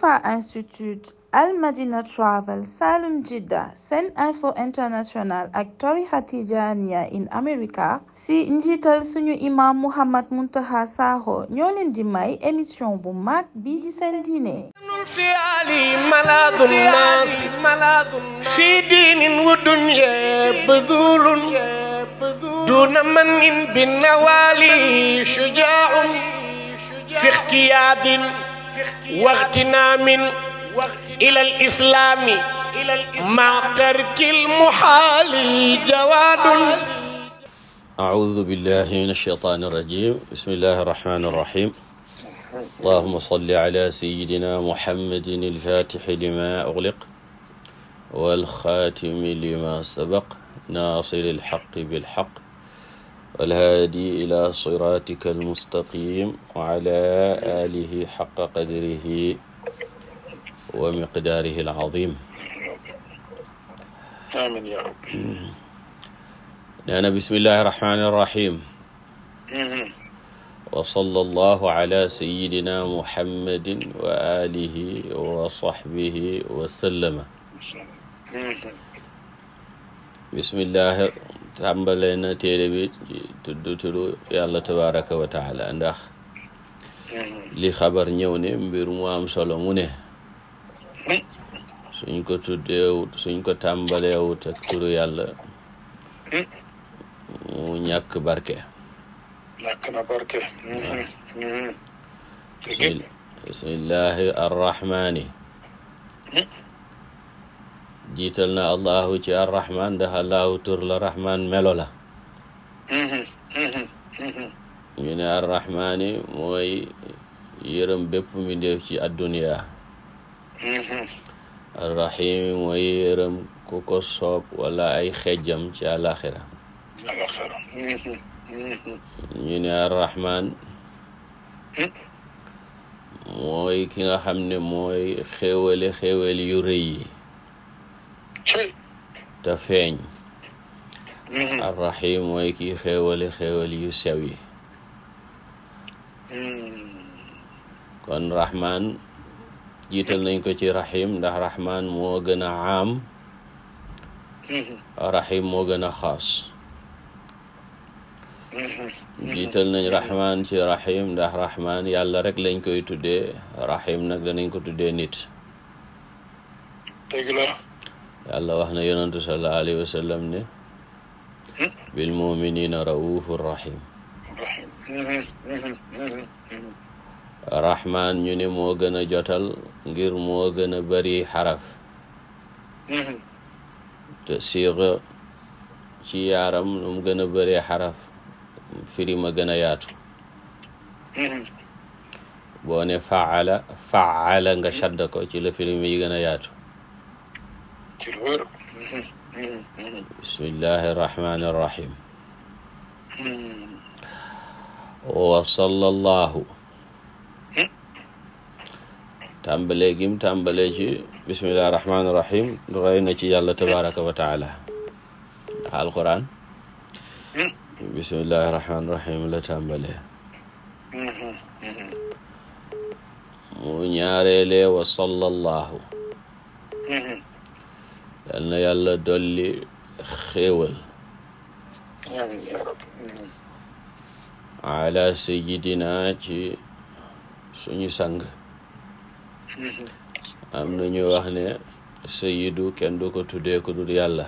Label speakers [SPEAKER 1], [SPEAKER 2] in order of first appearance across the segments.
[SPEAKER 1] ITFA institute al madina travel salum jidda sen info international ak tarixa tijaaniya in america si njiital suñu imam muhammad muntaha sakho ñoo leen di may émission bu mag bii di seen diine fiali maladu nas fi diinin wa dunya badulun duna manin bi nawali shujaun fi ixtiyaadin واغتنا من إلى الإسلام مع ترك المحال جواد أعوذ بالله من الشيطان الرجيم بسم الله الرحمن الرحيم اللهم صل على سيدنا محمد الفاتح لما أغلق والخاتم لما سبق ناصر الحق بالحق والهادي إلى صراطك المستقيم وعلى آله حق قدره ومقداره العظيم
[SPEAKER 2] آمين يا رب
[SPEAKER 1] نانا بسم الله الرحمن الرحيم وصلى الله على سيدنا محمد وآله وصحبه وسلم بسم الله tàmbale na téere bi tudd turu yàlla tabaraka wa taala ndax li xabar ñëw ne mbir mu am solo mu ne suñ ko tuddeewut suñ ko tàmbaleewut ak turu yàlla mu ñàkk barke
[SPEAKER 2] ñàkk na barke
[SPEAKER 1] bismillahi arrahmani jiital na allahu ci arrahman ndax allahu tur la rahman melo la
[SPEAKER 2] mhm, mhm, mhm.
[SPEAKER 1] ñu ne arrahmaani mooy yërëm bépp mbindéef ci adduniya arrahimi mooy yërëm ku ko wala ay xejjam ci àlaxira ñu ne arrahman hmm? mooy ki nga xam ne mooy xéewale xéewal yu rëy yi
[SPEAKER 2] te
[SPEAKER 1] feeñ mm-hmm. arrahim mooy kii xéewali xéewal yu sew yi
[SPEAKER 2] mm-hmm.
[SPEAKER 1] kon rahman jiital nañ ko ci rahim ndax rahman moo gën a aam mm-hmm. rahim moo gën a xaas jiital nañ rahman ci rahim ndax rahman yàlla rek lañ koy tuddee rahim nag nañ ko tuddee nit yàlla wax na yonantu sallallahu alayhi wa sallam ne bil muminina raufur rahim rahmaan ñu ne moo gën a jotal ngir moo gën a bari xaraf te siiga ci yaaram lu mu gën a bari xaraf firi ma gën a yaatu boo ne faala faala nga shadda ko ci la firi mi gën a yaatu ci lu wér. bismillahi rahmaani rahim.
[SPEAKER 2] wa hmm.
[SPEAKER 1] oh, sallallahu. Hmm? tàmbalee gim tàmbalee ci bismillahi rahmaani rahim roy na ci yàlla tabaraka wa taala ndax alquran. Hmm? bismillahi rahmaani rahim la tàmbalee. mu ñaareelee wa sallallahu. yal na yàlla dolli xéewal ala sayidina ci suñu sang
[SPEAKER 2] mm-hmm.
[SPEAKER 1] am na ñu wax ne sayidu kenn du ko tuddee ko dul yàlla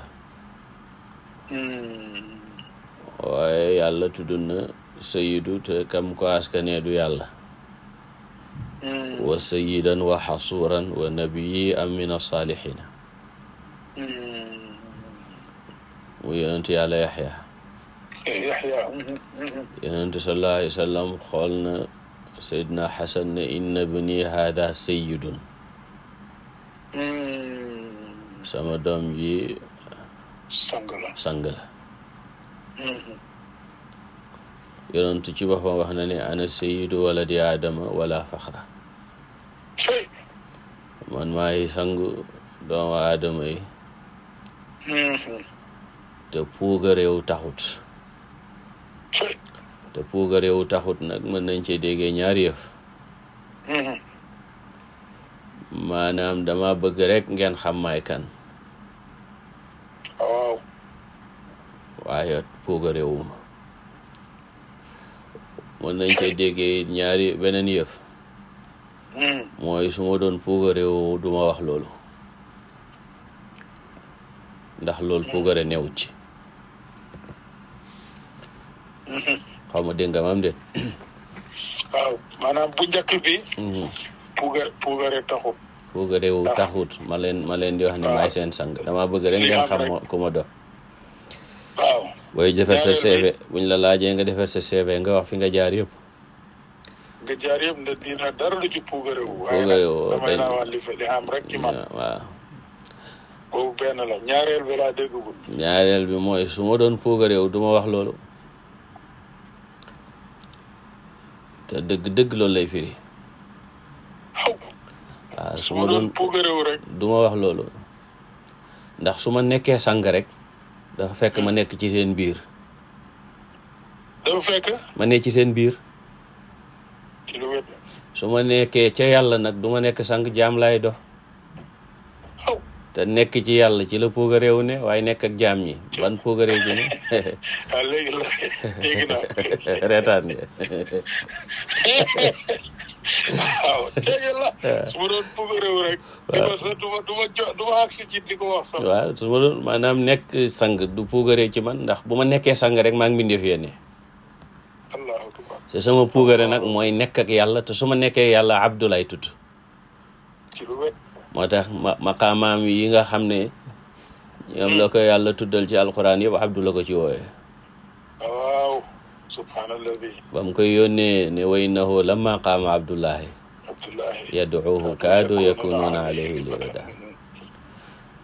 [SPEAKER 2] mm.
[SPEAKER 1] waaye yàlla tudd na sayidu kam ko askanee du yàlla mm. wa sayidan wa xasuuran wa nabiyi am min asaalixina
[SPEAKER 2] Mm-hmm.
[SPEAKER 1] muy yonent yàlla yaxya yonent sallallahu alayhi wa sallam xool na Seydina Xasan ne mm-hmm. sama doom ji
[SPEAKER 2] sang la sang la mm-hmm.
[SPEAKER 1] yonent ci boppam wax na ne ana sayyidu waladi aadama wala faxra man maay sangu doomu aadama yi Mm-hmm. te puuga réew taxut te puuga réew taxut nag mën nañ cee déggee ñaari yëf mm-hmm. maanaam dama bëgg rek ngeen xam maay kan waaw waaye puuga réewuma mën nañ cee déggee ñaari beneen yëf mm-hmm. mooy su doon puuga réew duma wax loolu ndax loolu puugare newu ci xaw ma dégg nga maam de
[SPEAKER 2] maanaam bu mhm. taxut
[SPEAKER 1] puugare wu ma leen ma leen di wax ne maay seen sang dama bëgg rek ngeen xam ku ma do booy defar sa buñ la laajee nga defar sa nga wax fi nga jaar yëpp
[SPEAKER 2] nga jaar dara lu ci puugare
[SPEAKER 1] wu boobu ñaareel bi mooy su ma doon puugareew du wax loolu te lay firi. Ah, su ma doon wax loolu ndax su ma nekkee sang rek dafa fekk ma nekk ci seen biir. ma ne ci seen biir. su ma nekkee ca yàlla nag duma nekk sang jaam laay dox. te nekk ci yàlla ci la poogaréew ne waaye nekk ak jaam ñi ban poogaréew ci ne ah, waaw rek waaw su ma doon maanaam nekk sang du poogaréew ci man ndax bu ma nekkee sang rek maa ngi mbindeef yéen allahu akbar te sama poogare nag mooy nekk ak yàlla te su ma nekkee yàlla abdoulay tudd moo tax ma maqaamaam yi nga xam ne ñoom la ko yàlla tuddal ci alquran yëpp abdu la ko ci wooye
[SPEAKER 2] waaw subhaanallah bi
[SPEAKER 1] ba mu koy yónnee ne wa innahu lamma qaama abdullahi yaduuhu kaadu yakunuuna alayhi libada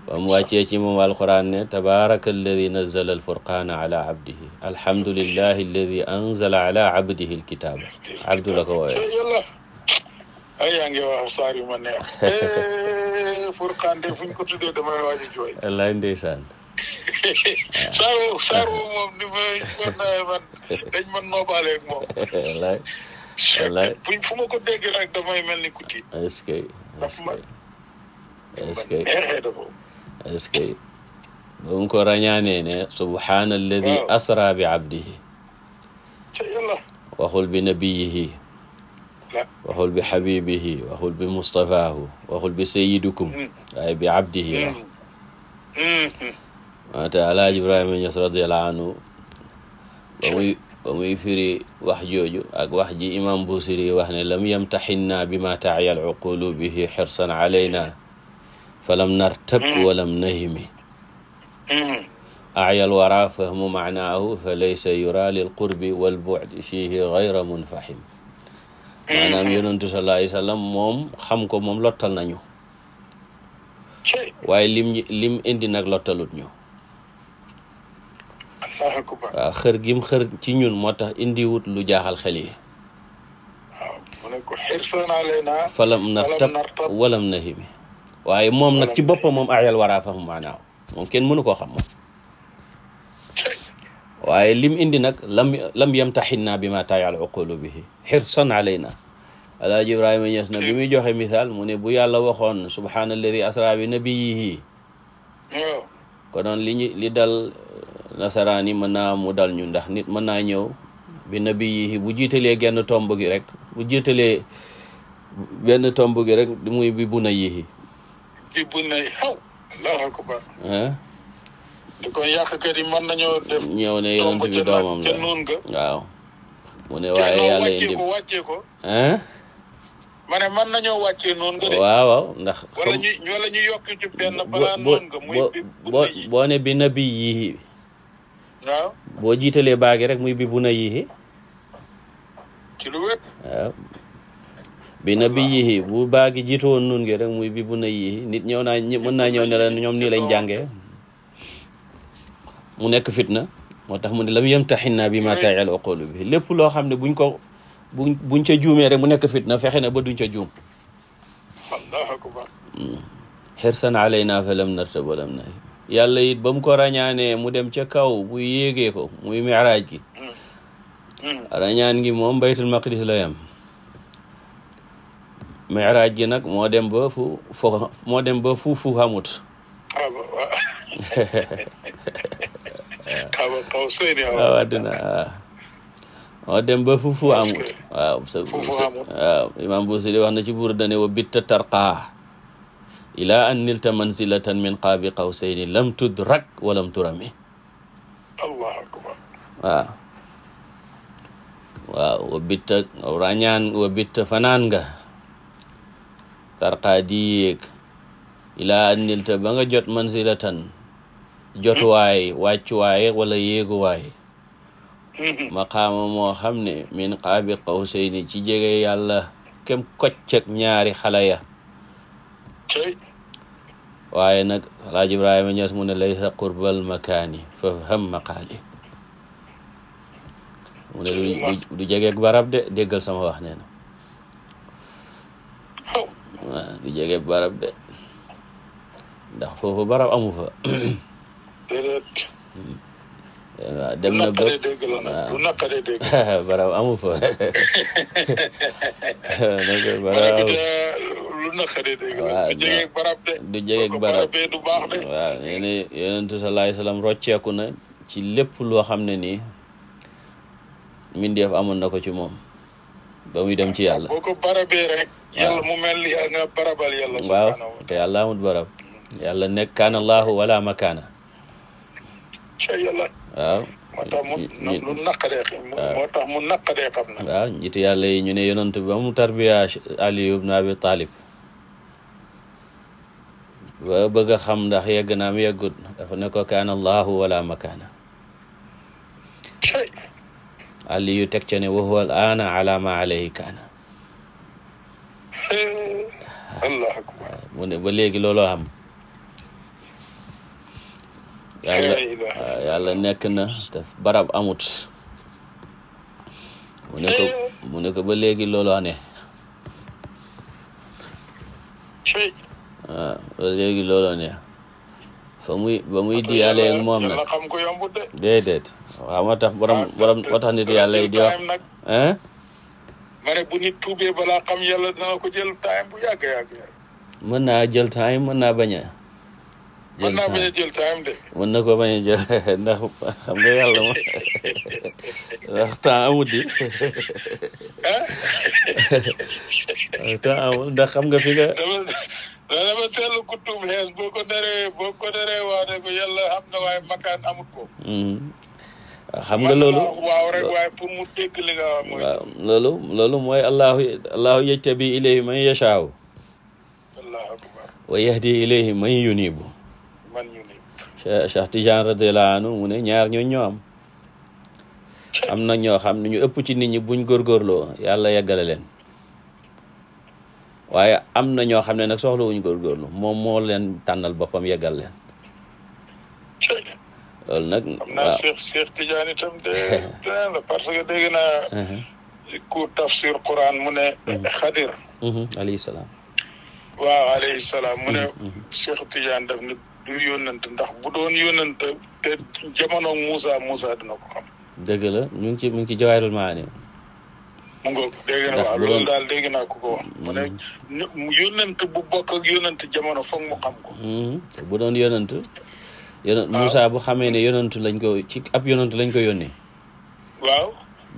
[SPEAKER 1] ba mu wàccee ci moom alquran ne tabaraka alladi nazala alfurqaana ala abdihi alhamdulillahi alladi anzala ala abdihi alkitaaba abdu la ko wooye
[SPEAKER 2] ay yaa ngi wax saar yu ma neex
[SPEAKER 1] tuddee Furqaan de fu ñu ko tuddee damay waaj jooy. wallaay ndeysaan.
[SPEAKER 2] Saar woowu Saar woowu moom ni ma mën man dañ mën moom.
[SPEAKER 1] wallaay wallaay
[SPEAKER 2] ko dégg rek damay mel ni kuti.
[SPEAKER 1] est-ce que est-ce que est-ce que est asra bi abdihi waxul bi nabiyihi waxul bi xabibihi waxul bi mustafaahu waxul bi sayidukum waaye bi abdihi wax wante alaaj ibrahima ñas radiallahu anhu ba muy ba muy firi wax jooju ak wax ji imam busiri wax ne lam yamtaxinnaa bima taaciya alcuqulu bihi xirsan calayna falam nartab walam nahimi acyal wara fahmu macnaahu fa laysa yura lilqurbi walbucdi fihi gayra munfaxim maanaam eh. yonantu sallallahu alayhi wa sallam moom xam ko moom lotal nañu waaye lim indi nag lottalut ñu waaw xër gim xër ci ñun moo tax indiwut lu jaaxal xel yi
[SPEAKER 2] falam nartab
[SPEAKER 1] walam nahimi waaye moom nag ci boppam moom ayal waraa fahum maanaaw moom kenn mënu koo xam moom waaye lim indi nag lam lam yamtaxinnaa bi ma taayal uqulu bihi xirsan alayna alaaji ibrahima ñes na bi muy joxe misaal mu ne bu yàlla waxoon subhaanalladi asra bi nabiyihi konoon li li dal nasaraan yi mën naa mu dal ñu ndax nit mën naa ñëw bi nabiyihi bu jiitale genn tomb gi rek bu jiitalee benn tomb gi rek muy bi bu
[SPEAKER 2] kon yàqkat yi mën nañoo dem.
[SPEAKER 1] ñëw ne yonent bi waaw. ko
[SPEAKER 2] mën nañoo wàccee noonu
[SPEAKER 1] waaw ndax. wala ñu
[SPEAKER 2] wala ñu yokk ci benn balaa noonu muy
[SPEAKER 1] boo boo ne bi na bi yii. waaw boo jiitalee baagi rek muy bi bu na yii. ci bi na bi yii bu baagi jiitu woon noonu nga rek muy bi bu na yii nit ñëw naa mën naa ñëw ne la ñoom nii lañ jàngee. mu nekk fitna moo tax mu ne lam bi ma taay al uqulu bi lépp loo xam ne buñ ko buñ ca juumee rek mu nekk fitna fexe na ba duñ ca juum allahu akbar xirsan hmm. alayna fa lam nartab wa lam yàlla it ba mu ko rañaanee mu dem ca kaw bu yéegee ko muy miraaj gi hmm. Hmm. rañaan gi moom baytul maqdis la yam miraaj gi nag moo dem ba fu ba fu fu
[SPEAKER 2] waaw
[SPEAKER 1] àdduna waaw ba fufu amut waaw sa wax na ci buur dane wa bitta tarqaa ilaa an nilta manzilatan min qaabi qawsayni lam tudrak wa lam turami allahu akbar ah. wa bitta rañaan tarqaa di ilaa an nilta ba jot manzilatan jotuwaay wàccuwaay wala yéeguwaay maqaama moo xam ne min qaabi qawsayni ci jege yàlla kem koccak ñaari xale ya waaye nag alaaji ibrahima ñas mu ne laysa qurbal makaani fafham maqaali mu du jegeeg barab de déggal sama wax nee du jegeeg barab de ndax foofu barab amu fa déedéet. waaw dem na ba bu
[SPEAKER 2] naqaree dégg la
[SPEAKER 1] baraw amu fa. baraw
[SPEAKER 2] lu naqaree dégg la du
[SPEAKER 1] du jege barab
[SPEAKER 2] du baax de.
[SPEAKER 1] waaw yéen a yonent salaay salaam rocceeku na ci lépp loo xam ne nii amoon na ko ci moom. ba muy dem ci yàlla boo
[SPEAKER 2] ko rek. yàlla mu mel ni nga barabal yàlla. subhaanahu waaw
[SPEAKER 1] te yàlla amut barab. yàlla nekk kaana allahu wala makaana ca yàlla. waaw moo tax mu lu
[SPEAKER 2] naqaree xam moo tax mu naqaree xam na.
[SPEAKER 1] waaw njiitu yàlla yi ñu ne yonent bi ba mu tarbiya Aliyu ibn Abi Talib ba bëgg a xam ndax yegg naa mu yeggut dafa ne ko kaana allahu wala makaana Aliyu teg ca ne wa huwa al aana ala ma alayhi kaana mu ne ba léegi looloo am Ah, yàlla nekk na te barab amut mu ko ba léegi loolo ane waaw ah, ba léegi loolu ane fa ba muy di yàlla yeeg moom nag déedéet waaw moo tax borom ah, borom moo tax nit yàlla yi wax hein ma mën naa jël time mën naa bañ jël mën naa bañ
[SPEAKER 2] a jël temps de.
[SPEAKER 1] mën na ko bañ a jël ndax xam nga yàlla moom ndax temps amut di temps amul ndax xam nga fi nga. da dafa seetlu ku tuub xees boo ko daree boo
[SPEAKER 2] ko daree waa ne ko yàlla xam na waaye makaan amut ko.
[SPEAKER 1] Hmm. xam nga loolu
[SPEAKER 2] waaw rek waaye pour mu dégg li nga wax mooy. waaw
[SPEAKER 1] loolu loolu mooy allahu allahu yajtabi ilayhi man yashaaw. wa yahdi ilayhi man yunibu man ñu ni Cheikh Tidiane radiyallahu anhu mu ne ñaar ñooñu ñoo am am na ñoo xam ñu ëpp ci nit ñi buñ góorgóorloo yàlla yeggale leen waaye am na ñoo xam ne nag soxla wuñ góorgóorlu moom moo leen tànnal boppam yeggal leen loolu uh-huh.
[SPEAKER 2] ku tafsir Quran mu ne xadir
[SPEAKER 1] uh-huh. uh-huh. alayhi salaam
[SPEAKER 2] waaw alayhi salaam mu ne Cheikh Tidiane daf ni du yónnante ndax bu doon yónnante te jamono Moussa Moussa dina ko xam.
[SPEAKER 1] dëgg la ñu ngi ci mu ngi ci jawaayul maani.
[SPEAKER 2] mu ngoog dégg na waaw daal dégg naa ko mm-hmm. mu ne yónnante bu bokk ak yónnante jamono foog mu xam ko.
[SPEAKER 1] Mm-hmm. bu doon yónnante. yónnante Moussa bu xamee ne yónnante lañ ko ab yónnante lañ ko yónnee. waaw.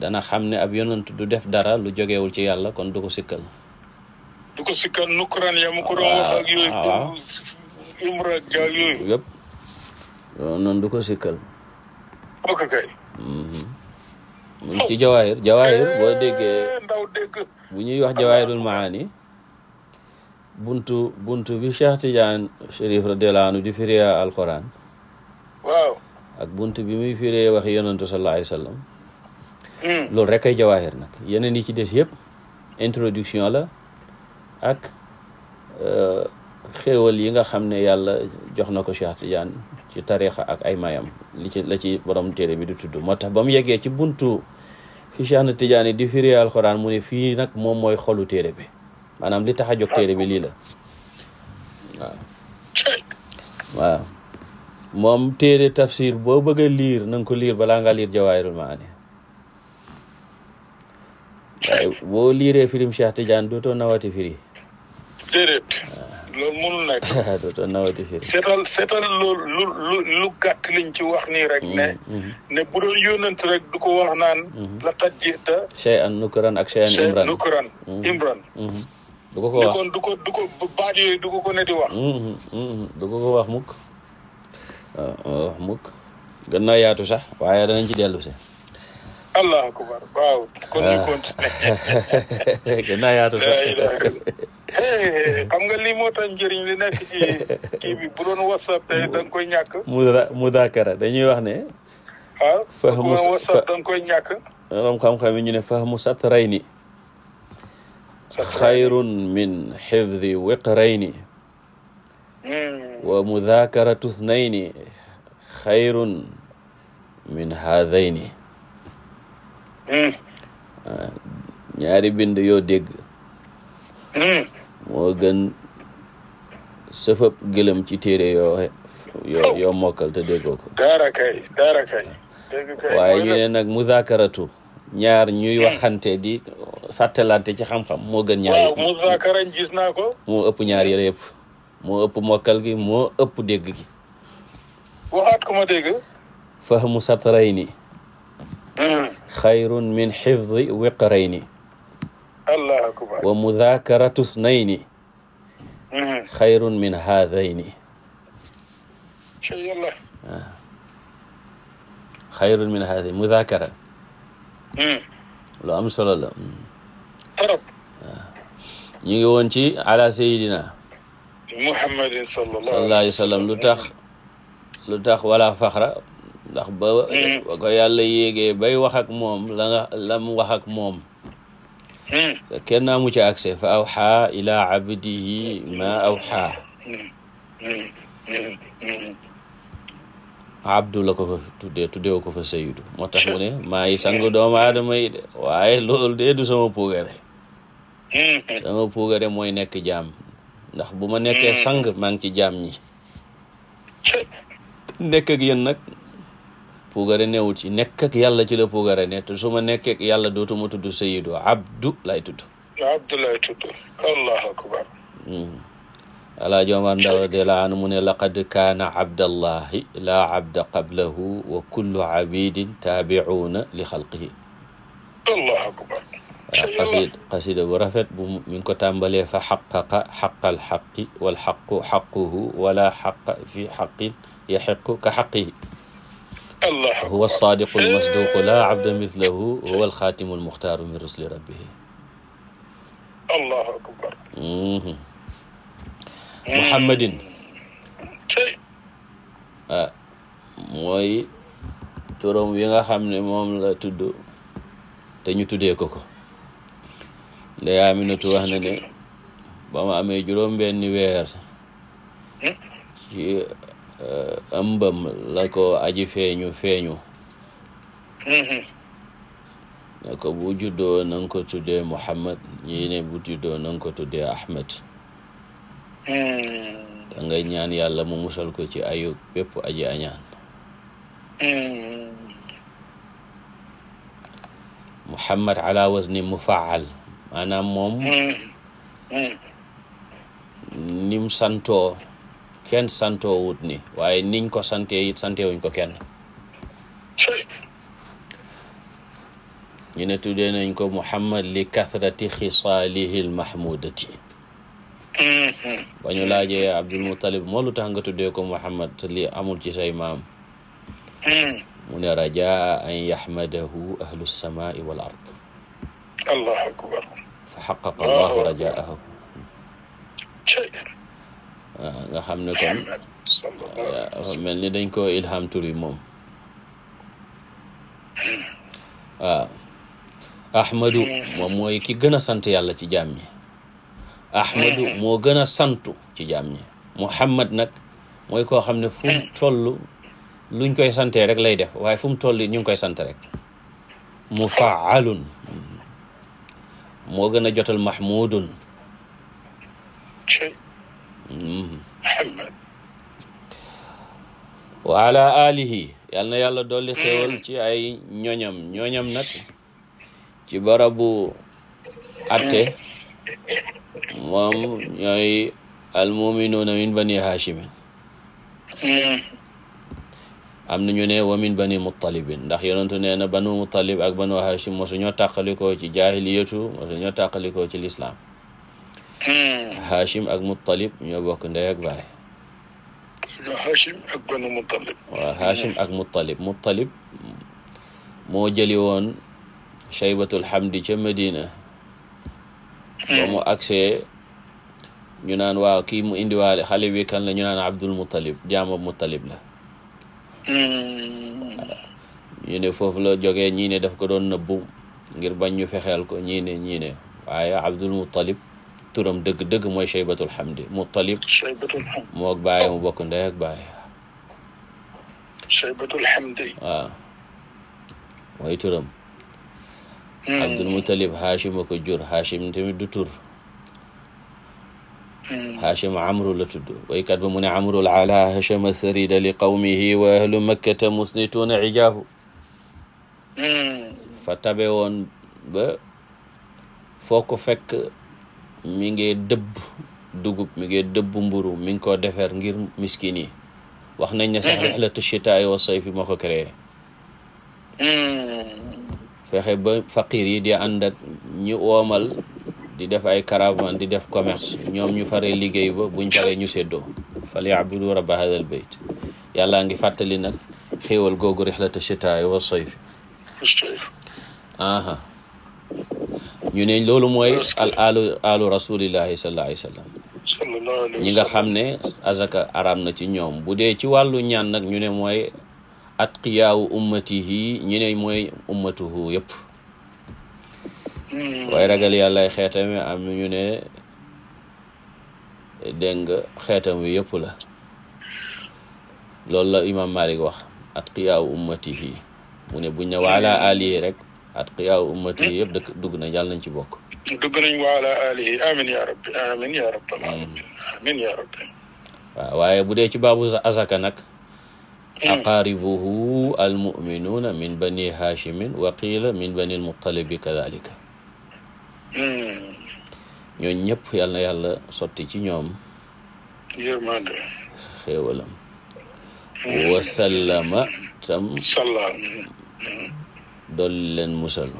[SPEAKER 1] dana xam ne ab yónnante du def dara lu jogewul ci yàlla kon du ko sikkal.
[SPEAKER 2] du ko sikkal nukkuraan ya mu ko doon wax ak umra ak
[SPEAKER 1] du ko sikkal. Mhm. mu ci jawaahir jawaahir eh, boo déggee bu ñuy wax jawaahirul maani buntu buntu bi Cheikh Tidiane Chérif radiyallahu anhu di firee alquran waaw ak buntu bi muy firee waxi yonantu sallallahu alayhi wa sallam hmm. loolu rek ay jawaahir nag yeneen yi ci des yëpp introduction la ak euh, xéewal yi nga xam ne yàlla jox na ko Cheikh Tidiane ci tarixa ak ay mayam li ci la ci borom téere bi du tudd moo tax ba mu yeggee ci buntu fi Cheikh na Tidiane di firi alxuraan mu ne fii nag moom mooy xolu téere bi maanaam li tax a jóg téere bi lii la waaw moom téere tafsir boo bëgg liir na ko liir balaa nga liir jawaahirul maani waaye boo liiree firim Cheikh Tidiane dootoo nawati firi
[SPEAKER 2] waaw lool mënul nekk.
[SPEAKER 1] dootoo nawati si. seetal seetal
[SPEAKER 2] lu lu lu gàtt liñ ci wax nii rek. ne mm-hmm, mm-hmm. ne bu doon yónnante rek du ko wax naan. Mm-hmm. la taj jiita.
[SPEAKER 1] Cheyan Nukuran ak Cheyan Imran Imran. du ko ko wax kon
[SPEAKER 2] du ko du ko ko ne di wax.
[SPEAKER 1] du ko wax mukk ah, na yaatu sax waaye danañ ci dellu
[SPEAKER 2] allah akbar waaw kon ñu ah.
[SPEAKER 1] continuer gannaaw yaatal
[SPEAKER 2] xam nga lii moo tax njëriñ li nekk ci kii bi bu doon whatsapp tey da nga
[SPEAKER 1] koy ñàkk mudaakara dañuy wax ne waaw ah, bu doon whatsapp da nga koy ñàkk rom xam-xam yi ñu ne fahmu satrayni xayrun min xifdi wiqrayni wa mudaakaratu thnayni xayrun min haadayni Hmm. Ah, ñaari bind yoo dégg hmm. moo gën sëfëb gëlëm ci téere yoo yoo yoo mokkal te ko
[SPEAKER 2] dara kay waaye ñu ne
[SPEAKER 1] nag muzakaratu ñaar ñuy hmm. waxante di fàttalante ci xam-xam moo gën ñaar waaw moo ëpp ñaar yële moo ëpp dégg gi
[SPEAKER 2] waxaat ko ma dégg
[SPEAKER 1] fahamu satrayni xayrun min xifdi wiqrayni allahu akbar wa mudakaratu snayni xayrun min haadayni xayrun min haadayni mudakara lu am solo la trop ñu ngi woon ci ala sayidina
[SPEAKER 2] muhammadin sallallahu
[SPEAKER 1] alayhi wa sallam lu tax lu tax wala faxra ndax hmm. ba ko yàlla yéegee bay waxak ak moom la lam wax ak moom hmm. kenn amu ci accès fa awxaa ila abdihi ma awxaa
[SPEAKER 2] hmm.
[SPEAKER 1] abdu la ko fa tuddee tuddeewu ko fa sayyidu moo tax mu ne maa sang doomu aadama de waaye loolu dee sama puugare sama puugare mooy nekk jaam ndax bu ma nekkee sang maa ngi ci jaam ñi nekk ak yéen puugare newut ci nekk ak yàlla ci la puugare ne te su ma nekkee ak yàlla dootuma tudd sayidu abdu lay tudd
[SPEAKER 2] abdu lay tudd allahu akbar
[SPEAKER 1] hmm. alaaji omar ndaw radiallahu anhu mu ne laqad kaana abdallahi laa abda qablahu wa kullu abidin taabiuuna li xalqihi
[SPEAKER 2] allahu akbar
[SPEAKER 1] waaw ah, xasid xasida bu rafet bu mi ngi ko tàmbalee fa xaqaqa xaqal xaqi wal xaqu xaquhu wala xaqa fi xaqin yaxiqu ka xaqihi
[SPEAKER 2] allah huwa
[SPEAKER 1] alsaadiqu almasduqu eh. laa abda mislahu huwa alxaatimu almuxtaaru min rusli rabbihi allahu akbar mhm. hmm. muhammadin ah mooy turam wi nga xam ne moom la tudd te ñu tuddee ko ko ndey Aminatu wax na ne ba ma amee juróom-benni weer hmm. ci Euh, ëmbam la ko aji feeñu feeñu mm-hmm. ne ko bu juddoo na nga ko Muhammad ñii ne bu juddoo na mm-hmm. nga ñaan yàlla mu musal ko ci ayu bépp aji añaan
[SPEAKER 2] mm-hmm.
[SPEAKER 1] Muhammad ala wazni mufaal maanaam moom nim santoo kenn santoo wut ni waaye niñ ko santee it santewuñ ko kenn ñu ne tuddee nañ ko muhammad li kathrati xisaalihi lmahmudati ba ñu laajee abdul mutalib moo lu tax nga tuddee ko muhammad li amul ci say maam mu ne rajaa an yaxmadahu ahlu samaai wal ard
[SPEAKER 2] allahu akbar
[SPEAKER 1] fa xaqaqa allahu rajaahu xam ne kon ni dañ koo ilham tur yi moom waaw ahmadu moom mooy ki gën a sant yàlla ci jaam ñi ahmadu moo gën a santu ci jaam ñi muhammad nag mooy koo xam ne fu mu luñ koy santee rek lay def waaye fu mu toll ñu ngi koy sant rek mufaalun moo gën a jotal mahmudun wa ala alihi yal na yàlla dolli ci ay ñoñam ñoñam nag ci barabu atte moom ñooy almuminuuna min bani haashimi am na ñu ne wa min bani muttalibin ndax yonentu nee na banu muttalib ak banu haashim mosu ñoo tàqalikoo ci jaahiliyatu mosu ñoo tàqalikoo ci lislaam Hmm. Hachim ak Muttalib ñoo bokk ndey ak baay.
[SPEAKER 2] Hachim ak Banu Muttalib.
[SPEAKER 1] waaw Hachim ak Muttalib Muttalib moo jëli woon Shaybatul Hamdi ca Medina. ba hmm. mu agsee ñu naan waaw kii mu indiwaale xale bi kan la ñu naan Abdul Muttalib jaamab Muttalib la.
[SPEAKER 2] Hmm.
[SPEAKER 1] ñu ne foofu la jógee ñii ne daf ko doon nëbbu ngir bañ ñu fexeel ko ñii ne ñii ne waaye Abdul Muttalib turam dëgg dëgg mooy Shaybatul Hamdi Muttalib moo bàyyi mu bokk ndey ak bàyyi
[SPEAKER 2] Shaybatul Hamdi
[SPEAKER 1] waaw mooy turam hmm. Abdul Muttalib Hashim a ko jur Hashim tamit du tur hmm. Hashim Amru la tudd waykat ba mu ne Amrul ala Hashama tharida li qawmihi wa ahlu makkata musnituuna ijaafu
[SPEAKER 2] hmm.
[SPEAKER 1] fa tabe woon ba foo ko fekk mi ngi dëbb dugub mi ngi dëbb mburu mi ngi ko defar ngir miskin yi wax nañ ne sax mhm. rihlatu chitaay wa sayfi moo ko créé
[SPEAKER 2] mhm.
[SPEAKER 1] fexe ba faqiir yi di ànd ak ñi oomal di def ay caravane di def commerce ñoom ñu faree liggéey ba buñ paree ñu séddoo fal yaabudu rabba hadal beyt yàllaa ngi fàttali nag xéewal googu rihlatu chitaay wa sayfi aha ñu ne loolu mooy al alu alu rasulillahi sallallahu alayhi wa
[SPEAKER 2] sallam ñi nga
[SPEAKER 1] xam ne azaka aram na ci ñoom bu dee ci wàllu ñaan nag ñu ne mooy atqiyaawu ummatihi ñu ne mooy ummatuhu yëpp
[SPEAKER 2] hmm. waaye ragal
[SPEAKER 1] yàllay xeetami am ñu ne dégg nga xeetam wi la loolu la imam malik wax atqiyaawu ummatihi mu ne buñ ne waala alihi rek atqiyaa ummati yëpp dëkk dugg nañ yàlla nañ ci bokk.
[SPEAKER 2] dugg nañ wa ala alihi amin ya rabbi amin ya rabbal alamin amin ya rabbi.
[SPEAKER 1] waaw waaye bu dee ci baabu azaka nag. Hmm. aqaaribuhu almuminuuna min bani haashimin wa qiila min bani almuttalibi kadalika hmm. ñooñ ñëpp yal na yàlla sotti ci ñoom yërmande xéewalam hmm. wasallama tam salla dolli leen musal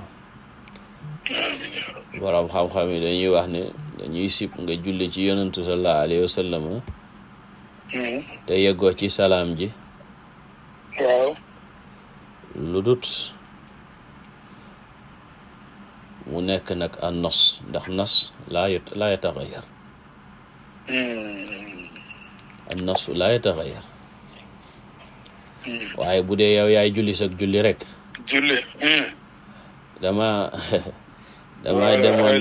[SPEAKER 1] borom xam-xam yi dañuy wax ne dañuy sib nga julli ci yonantu sallallahu te yeggoo ci salaam ji lu dut mu nekk nag an nas ndax nas laa yut laa yataxayar an nas laa yataxayar waaye bu dee yow yaay julli sag julli rekk
[SPEAKER 2] julli hmm.
[SPEAKER 1] dama dama demoon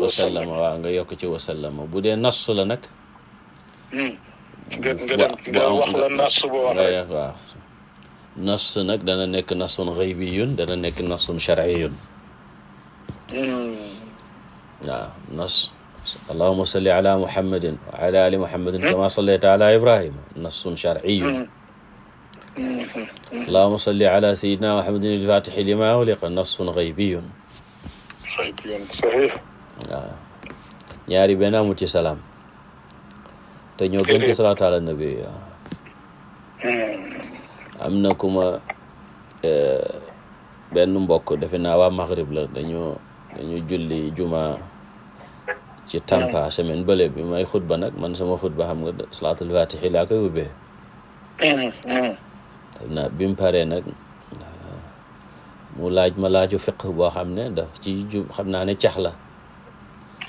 [SPEAKER 1] wasallama waaw nga yokk ci wasallama bu dee nas la nag
[SPEAKER 2] hmm. nga nga dem nga wax la nas bu wax waaw
[SPEAKER 1] nas nag dana nekk nasun xaybiyun dana nekk nasun sharciyun
[SPEAKER 2] hmm.
[SPEAKER 1] waaw nas allahuma salli ala muhammadin wa ala ali muhammadin kama sallayta ala ibrahima nasun sharciyun
[SPEAKER 2] Mm-hmm. allahuma
[SPEAKER 1] salli ala sayidina muhammadin ilfatixi lima uliqa nasrun xaybiyun
[SPEAKER 2] xaybiyun saxiix
[SPEAKER 1] waaw ñaari benn amul ci salaam te ñoo ci salaatu ala nabi
[SPEAKER 2] mm.
[SPEAKER 1] am na kuma eh, benn mbokk defe naa waa maghrib la dañu dañu julli juma ci Tampa mm. semaine bële bi may xutba nag man sama xutba xam nga salaatul fatixi laa koy ubbee
[SPEAKER 2] mm-hmm.
[SPEAKER 1] xam naa bi mu paree nag ah, mu laaj ma laaju fiq boo xam ne daf ci jub xam naa ne cax la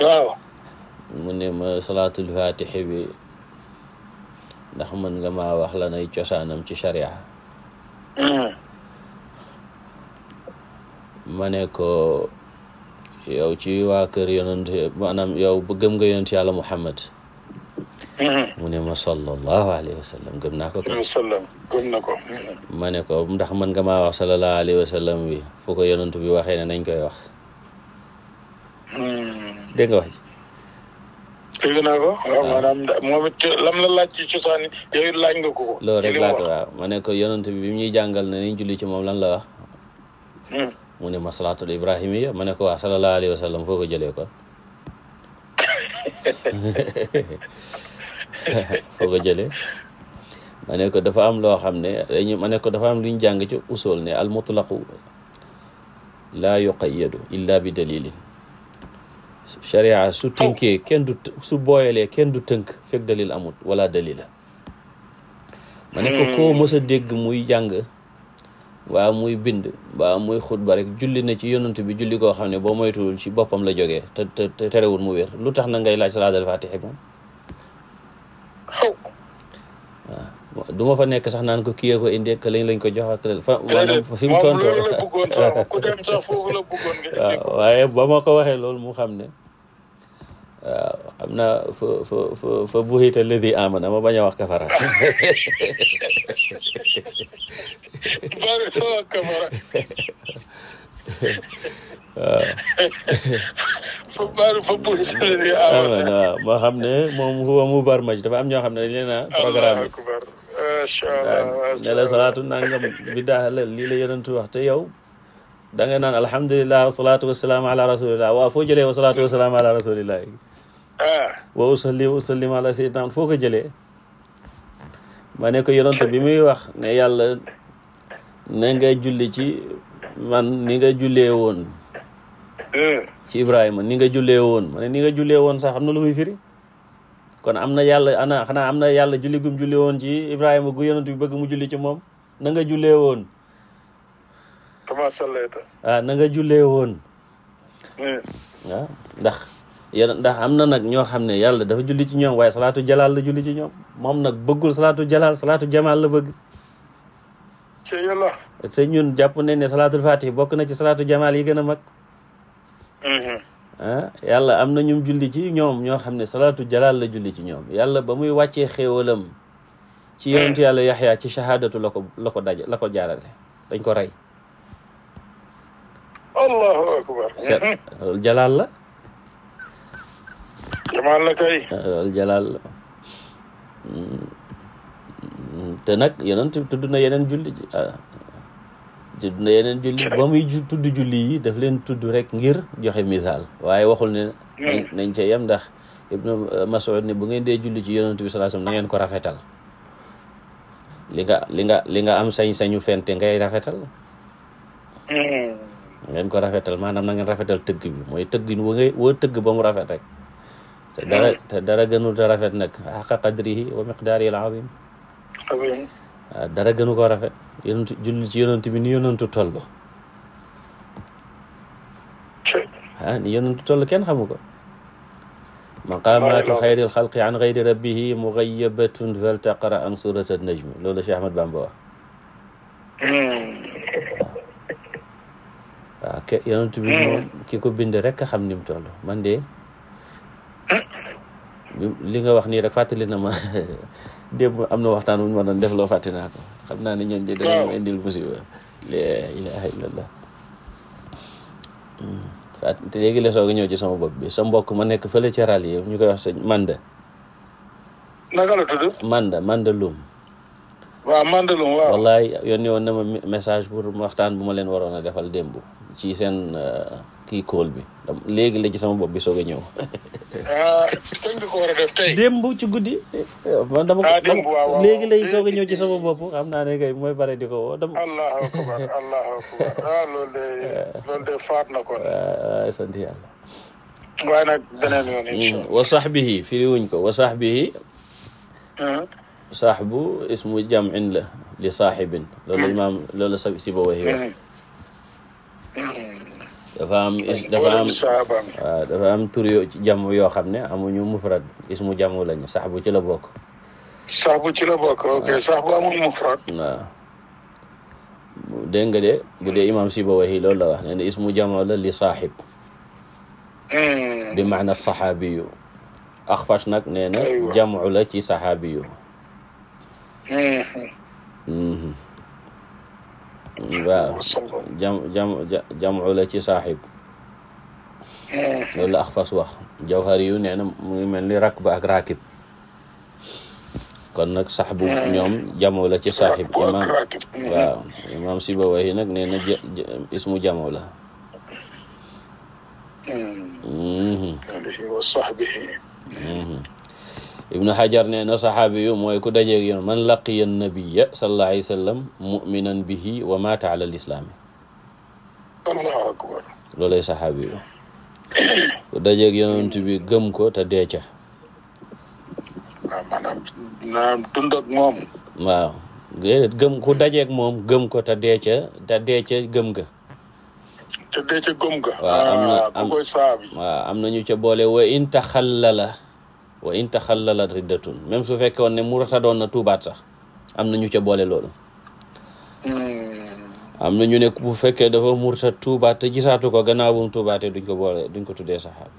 [SPEAKER 1] waaw mu ne ma salaatul fatihi bi ndax mën nga maa wax la nay cosaanam ci sharia mm. ma ne ko yow ci waa kër yonent maanaam yow bëggëm nga yonent yàlla muhammad mu ne ma sallallahu alayhi wa sallam gëm naa ko. sallam gëm na ko. ma ne ko ndax mën nga maa wax sallallahu alayhi wa sallam bi fu ko yonent bi waxee ne nañ koy wax.
[SPEAKER 2] Hmm. dégg nga wax ji. dégg naa ko waaw maanaam moom la laaj ci laaj nga ko ko. rek laa ko
[SPEAKER 1] waaw ma bi bi ñuy jàngal ne niñ julli ci moom lan la wax. Hmm. mu ne ma salaatul ibrahimiya ma ne ko waa sallallahu alayhi wa sallam foo ko kon. foo jële ma ne ko dafa am loo xam ne dañu ma ne ko dafa am lu ñu jàng ci usul ne al mutlaqu laa yuqayyadu illa bi dalilin sharia su tënkee kenn du tënk fekk dalil amut wala dalila ma ne ko koo mës dégg muy jàng waa muy bind waa muy ba rek julli na ci yonent bi julli koo xam ne boo moytuwul ci boppam la jógee te te terewul mu wér lu tax na ngay laaj salaatul fa nekk sax naan ko kii ko indi lañ ko jox fi mu tontu waaw waaye ba ma ko waxee loolu mu xam ne waaw xam na fa fa fa fa buhita ladi amana ma bañ a wax kafara waaw amana waaw moo xam ne moom huwa mu barmaj dafa am ñoo xam ne dañ leen a programme ne la salaatu nangam bi daaxalal lii la yonentu wax te yow da nga naan alhamdulillah wa salaatu wa salaam ala rasulillah waaw foo jëlee wa salaatu wa salaam ala rasulillah Ah. wa usalli wa usallim ala sayyidina foo ko jëlee ma ne ko yonent bi muy wax ne yàlla na nga julli ci man ni nga jullee woon hmm. ci Ibrahima ni nga jullee woon woon sax am na lu muy firi kon am na yàlla ana xanaa am na yàlla julli gum julli woon ci Ibrahima gu yonent bi bëgg mu julli ci moom nanga nga jullee woon
[SPEAKER 2] kama sallayta
[SPEAKER 1] ah, woon hmm. ah, ndax yéen ndax am na nag ñoo xam ne yàlla dafa julli ci ñoom waaye salaatu jalaal la julli ci ñoom moom nag bëggul salaatu jalaal salaatu jamaal la bëgg te ñun jàpp nañ ne salaatul fatih bokk na ci salaatu jamaal yi gën a mag mhm. ah am na ñum julli ci ñoom ñoo xam ne salaatu jalaal la julli ci ñoom yàlla ba muy wàccee xéewalam ci yonent yàlla yaxya ci shahadatu la ko la ko la ko jaarale dañ ko rey
[SPEAKER 2] allahu
[SPEAKER 1] jalaal la jamaal ah, jalaal mm. te nag yonent tudd na yeneen julli ah. tudd na yeneen julli ba muy tudd julli yi daf leen tudd rek ngir joxe misaal waaye waxul ne hmm. nañ ca yem ndax ibnu Mas'ud ne bu ngeen dee julli ci yonent bi sallallahu alayhi na ngeen ko rafetal li nga li nga li nga am sañ-sañu fente ngay rafetal hmm. ngeen ko rafetal maanaam na ngeen rafetal tëgg bi mooy tëggin wa ngay wa tëgg ba mu rafet rek te dara te dara gënu te rafet nag xaqa qadrihi wa miqdaarihi al azim waaw ah, dara gënu ko rafet yonent julli ci yonent bi ni yonentu toll ah ni yonentu toll kenn xamu ko maqaamaatu xayri lxalqi an xayri rabbihi mugayabatun fal taqra an surat an najmi loolu Cheikh Ahmad Bamba wax waaw hmm. ah, ke yonent bi hmm. moom ki ko bind rek xam ni mu toll man de li nga wax nii rek fàttali na ma démb am na waxtaan wu ñu ma doon def loo fàtte xam naa ne ñooñu dinañ ma indil musiba la hmm. léegi la soo a ñëw ci sama bopp bi sa mbokk ma nekk fële ceral yi ñu koy wax sëñ Manda. naka la tudd. Manda Manda Loum. waaw Manda Loum waaw. wallaay yónnee woon na ma message pour waxtaan bu ma leen waroon a defal démb ci seen. Euh, kii kool bi léegi la ci sama bopp bi soog a ñëw.
[SPEAKER 2] ah kañ nga ko war a def tey. démb ci guddi.
[SPEAKER 1] man dama ko ah, léegi lay soog a ñëw ci sama bopp xam naa ne kay mooy bare di ko woo. allahu
[SPEAKER 2] akbar allahu akbar ah loolu de eh. loolu de
[SPEAKER 1] faat na ko. waaw sant yàlla.
[SPEAKER 2] waaye nag beneen yoon incha mm,
[SPEAKER 1] allah. wa sahbihi firi wuñ ko wa sahbihi. Hmm? sahbu ismu jam'in la li sahibin. loolu hmm. imaam loolu si ba waxee. Hmm. dafa am dafa am waaw dafa am tur yoo jàmm yoo xam ne amuñu mufrad ismu jàmm lañu sax bu ci la bokk.
[SPEAKER 2] sax bu ci la bokk ok sax bu amul mufrad.
[SPEAKER 1] waaw dégg nga de bu dee imaam Sibawahi loolu la wax nee na ismu jàmm la li saaxib.
[SPEAKER 2] Hmm. bi
[SPEAKER 1] maana saxaabiyu. axfash nag nee na jàmm la ci saxaabiyu. Hmm. Mhm. waaw jam jam jamu la ci saaxib loolu la Axfas wax jawhari yu nee na mu ngi mel ni rakb ak raakib kon nag sax bu ñoom jamoo la ci saaxib imaam mm-hmm. waaw imaam Sibawayh nag nee na ismu jamoo la mm-hmm. Mm-hmm. ibnu hajar nee na saxaabi mooy ku dajeeg yoon man laqiya nabiya sallallahu muminan bihi wa mata ala lislaami
[SPEAKER 2] allahu akbar
[SPEAKER 1] ku dajeeg yonent bi gëm ko te dee ca
[SPEAKER 2] waaw maanaam naam dund
[SPEAKER 1] ak ko te gëm ga
[SPEAKER 2] te ca gëm am na ah,
[SPEAKER 1] am boole wa in taxallala wa in taxallalat riddatun même su fekkee on ne mu rata doon na tuubaat sax am na ñu ca boole loolu
[SPEAKER 2] hmm.
[SPEAKER 1] am na ñu ne bu fekkee dafa murta tuubaat te gisaatu ko gannaaw bu mu duñ ko boole duñ ko tuddee saxaabi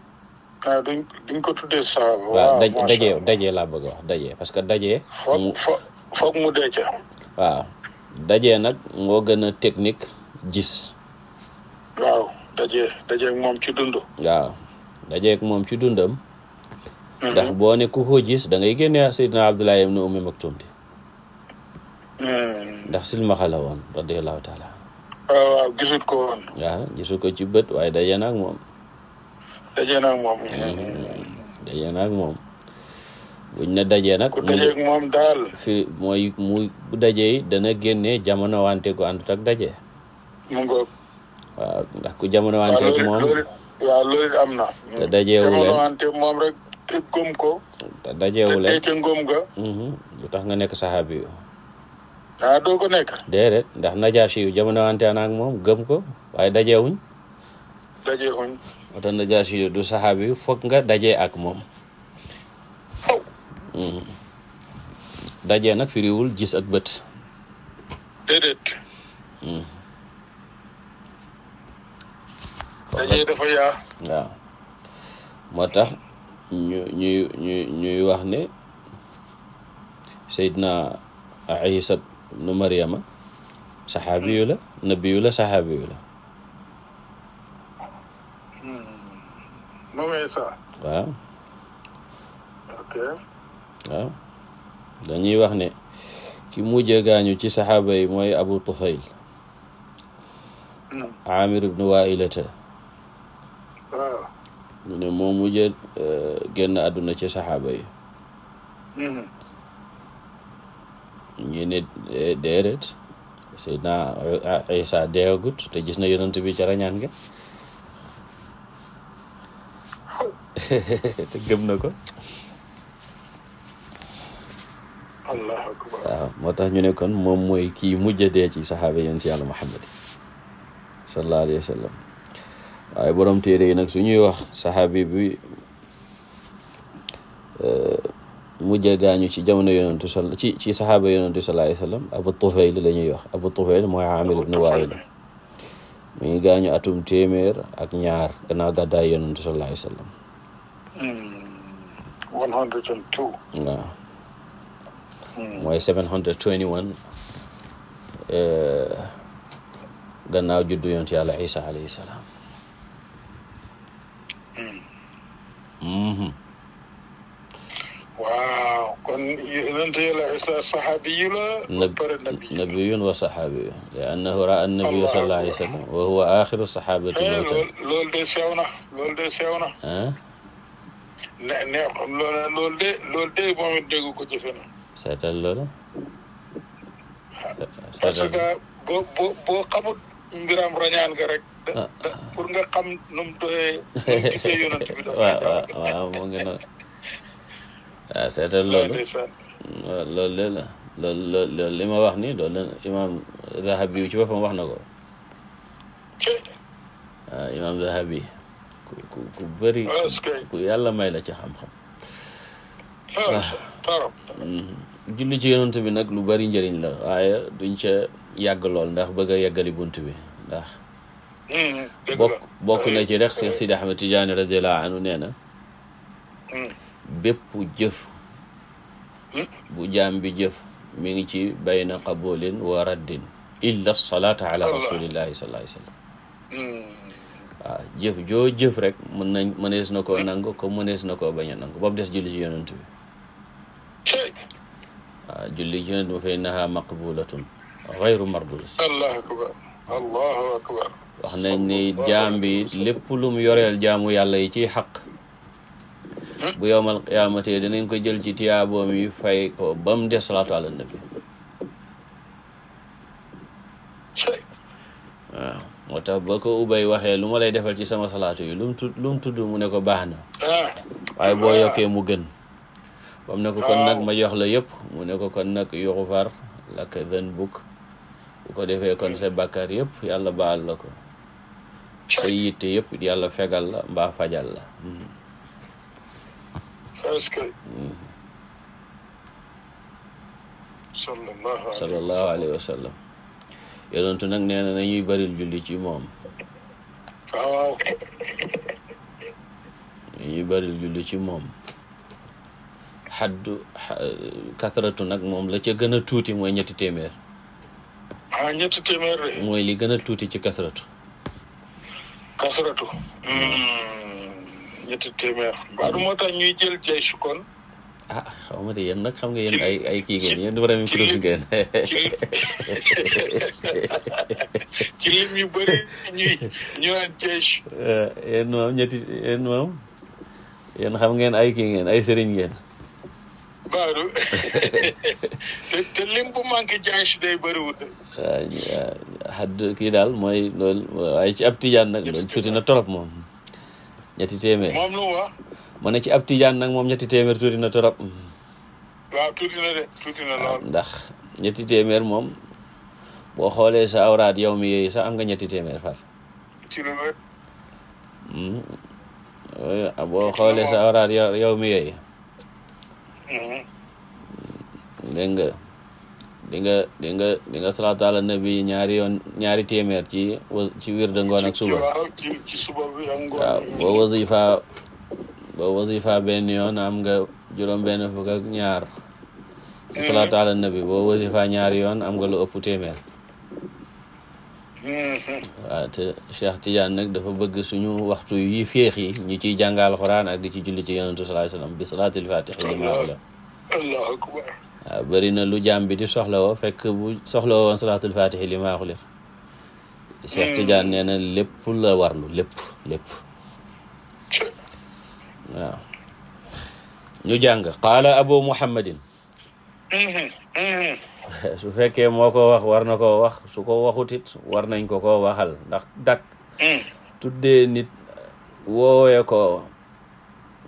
[SPEAKER 2] waaw ah, duñ duñ ko tuddee
[SPEAKER 1] laa bëgg wax dajee parce que daje foog mu dee waaw dajee nag moo gën a technique gis
[SPEAKER 2] waaw dajee dajee ci dund
[SPEAKER 1] waaw dajee moom ci dundam ndax mhm. boo ne ku ko gis da ngay génne Seydina Abdullahi ibn Ummi Maktum di
[SPEAKER 2] mhm.
[SPEAKER 1] ndax silmaxa la woon radiyallahu taala
[SPEAKER 2] ah, waaw gisut ko woon
[SPEAKER 1] waaw ci bët waaye daje na ak
[SPEAKER 2] daje na ak moom mhm.
[SPEAKER 1] daje na moom buñ ne dajee nag moom mooy mu dajee dana génne jamono wante ku àndut ak daje ndax ku jamono wante ak moom
[SPEAKER 2] waaw loolu am na te gëm ko.
[SPEAKER 1] te dajeewu leen ga. tax nga nekk saxaabi yu.
[SPEAKER 2] ah doo nekk.
[SPEAKER 1] déedéet ndax najaasi yu jamono wante na ak moom gëm ko waaye dajeewuñ. dajeewuñ. moo tax najaasi yu du saxaabi yu foog nga dajee ak moom. Mhm. dajee nag firiwul gis ak bët. déedéet. Mhm. moo tax. ñu ñuy ñuy ñuy wax ne Seydina Isa nu Mariama saxaabiyu la nabiyu la saxaabiyu la moom Isa waaw ok waaw dañuy wax ne ki mujj gaañu ci saxaaba yi mooy Abu Tufayl hmm. Amir ibnu Wailata waaw mu ne moo mujj e, génn àdduna ci saxaaba yi mm-hmm. ñu ne e, déedéet Seydina Isa deewagut te gis na yonent bi ca rañaan nga te gëm na ko allahu akbar waaw moo tax ñu ne kon moom mooy kii mujj dee ci saxaaba yonent yàlla Muhammad sallallahu alayhi wa sallam waaye borom téere yi nag suñuy wax saxaabi bi euh, mujjee gaañu ci jamono yonentu sal ci ci saxaaba yonentu sallallahu alayhi wasallam abu tufayl la ñuy wax abu tufayl mooy amir ibnu waayil mu ngi gaañu atum téeméer ak ñaar gannaaw gàddaay yonentu sallallahu alayhi wasallam
[SPEAKER 2] hmm. one hundred and two waaw hmm.
[SPEAKER 1] mooy seven hundred twenty one euh, gannaaw juddu yonentu yàlla isa alayhi salaam Mm-hmm.
[SPEAKER 2] waaw kon yonent yàlla Isa saxaabiyu la. pare
[SPEAKER 1] nabiyun wa saxaabiyu li annahu raa annabiya sallallahu alayhi wa sallam wa huwa axiru saxaabati eh, mawtan.
[SPEAKER 2] loolu de sew na loolu de sew na. ne ne loolu de loolu de moom it dégg ko jëfe na.
[SPEAKER 1] seetal loolu.
[SPEAKER 2] parce que boo boo boo xamut. mbiram rañaan nga rek. Ah. pour nga xam nu mu doyee. gisee yonent bi dafa waaw waaw
[SPEAKER 1] ah, waaw mu ngi noonu. waaw seetal loolu. waaw loolu de la loolu loolu loolu li ma wax nii loolu la imaam Zahabi ci boppam wax na ko. waaw ah, imaam Zahabi ku ku ku bëri. ku yàlla may la ci xam-xam. waaw. Mm-hmm. julli ci yonent bi nag lu bari njëriñ la waaye duñ ca. yàgg ndax bëgg a yeggali bunt bi ndax
[SPEAKER 2] hmm, na
[SPEAKER 1] ci rek Cheikh Sidi Ahmed Tidiane radiallahu anhu nee na hmm. bépp jëf hmm. bu jaam bi jëf mi ngi ci bayna qabulin wa raddin illa salaata ala rasulillahi sallallahu
[SPEAKER 2] alayhi
[SPEAKER 1] wa jëf joo jëf rek mën nañ mënees na koo nangu ko mënees na koo bañ a nangu boobu des julli ci yonent bi waaw julli ci yonent mu xayru mardus
[SPEAKER 2] allahu
[SPEAKER 1] wax nañ ni jaam bi lépp lu mu yoreel jaamu yàlla yi ci xaq bu yowmal qiyaamatee danañ ko jël ci tiyaaboom yi fay ko ba mu des salaatu ala nabi waaw moo tax ba ko ubay waxee lu ma lay defal ci sama salaatu yi lu mu tudd lu mu tudd mu ne ko baax na ah. waaye boo yokkee mu gën ba ne ko kon nag ah. ma jox la yëpp mu ne ko kon nag yuxfar laka zanbuk bu ko defee kon sa bàkkaar yëpp yàlla baal la ko sa yitte yëpp yàlla fegal la mbaa fajal la mm-hmm. sallallahu alayhi wa sallam yonentu na nañuy baril julli ci moom ah, waaw nañuy baril julli ci moom xaddu kasratu nag moom la ca gën a tuuti mooy ñetti téeméer
[SPEAKER 2] ah ñetti téeméer de.
[SPEAKER 1] mooy li gën tuuti ci kasaratu.
[SPEAKER 2] kasaratu. Hmm, ñetti téeméer. waaw moo tax ñuy jël jaysu kon.
[SPEAKER 1] ah xaw ma de yéen nag xam nga yéen ay ay kii ngeen yéen vraiment kuréel ngeen.
[SPEAKER 2] ñuy ñu naan jaysu.
[SPEAKER 1] Eh, yéen ñetti yéen moom yéen xam ngeen ay kii ngeen ay sëriñ ngeen.
[SPEAKER 2] Badou te te lim
[SPEAKER 1] daal mooy ci ab tijaan nag na torop moom ñetti téeméer. moom lu wax. ci ab tijaan nag moom ñetti téeméer na torop. ndax ñetti téeméer moom boo xoolee sa awraat yow mi yooyu sax am nga ñetti téeméer far. Hmm. boo xoolee sa awraat yow mi yooyu.
[SPEAKER 2] dégg
[SPEAKER 1] nga di nga di nga di nga salaatu ala nabi ñaari yoon ñaari téeméer ci ci wir ak suba
[SPEAKER 2] waaw boo
[SPEAKER 1] wasifa boo wasifa benn yoon am nga juróom benn fukk ak ñaar ci mm. salaatu ala nabi boo wasifa ñaari yoon am nga lu ëpp téeméer
[SPEAKER 2] waaw
[SPEAKER 1] te Cheikh Tidiane nag dafa bëgg suñu waxtu yi féex yi ñu ciy jàngal alxuraan ak di ci julli ci yonentu sallallahu alayhi wasallam bi salaatil faatixi limaa la
[SPEAKER 2] allahu akbar
[SPEAKER 1] waaw bëri na lu jaam bi di soxlawoo fekk bu soxlawoo woon salaatul faatixi limaa xuliq Cheikh hmm. Tidiane nee na lépp la warlu lépp lépp waaw ñu jàng qaala abu muhammadin
[SPEAKER 2] hmm, hmm,
[SPEAKER 1] su fekkee moo ko wax war na koo wax su ko waxutit war nañ ko koo waxal ndax dak mm. tuddee nit woowee ko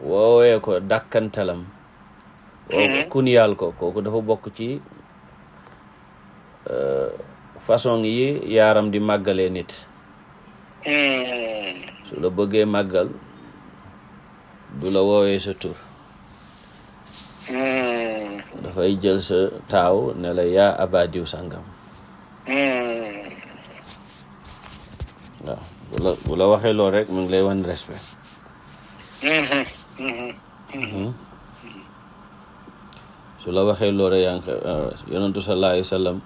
[SPEAKER 1] woowee ko mm-hmm. ko kooku dafa bokk ci euh, façon yi yaram di màggalee nit
[SPEAKER 2] mm.
[SPEAKER 1] su la bëggee màggal du la woowee sa dafay jël sa taaw ne la yaa abadiw sàngam
[SPEAKER 2] hmm.
[SPEAKER 1] waaw bu waxee lool rek mu ngi lay wan respect
[SPEAKER 2] hmm. Hmm.
[SPEAKER 1] su la waxee loolu yaa ngi euh, yonentu sallallahu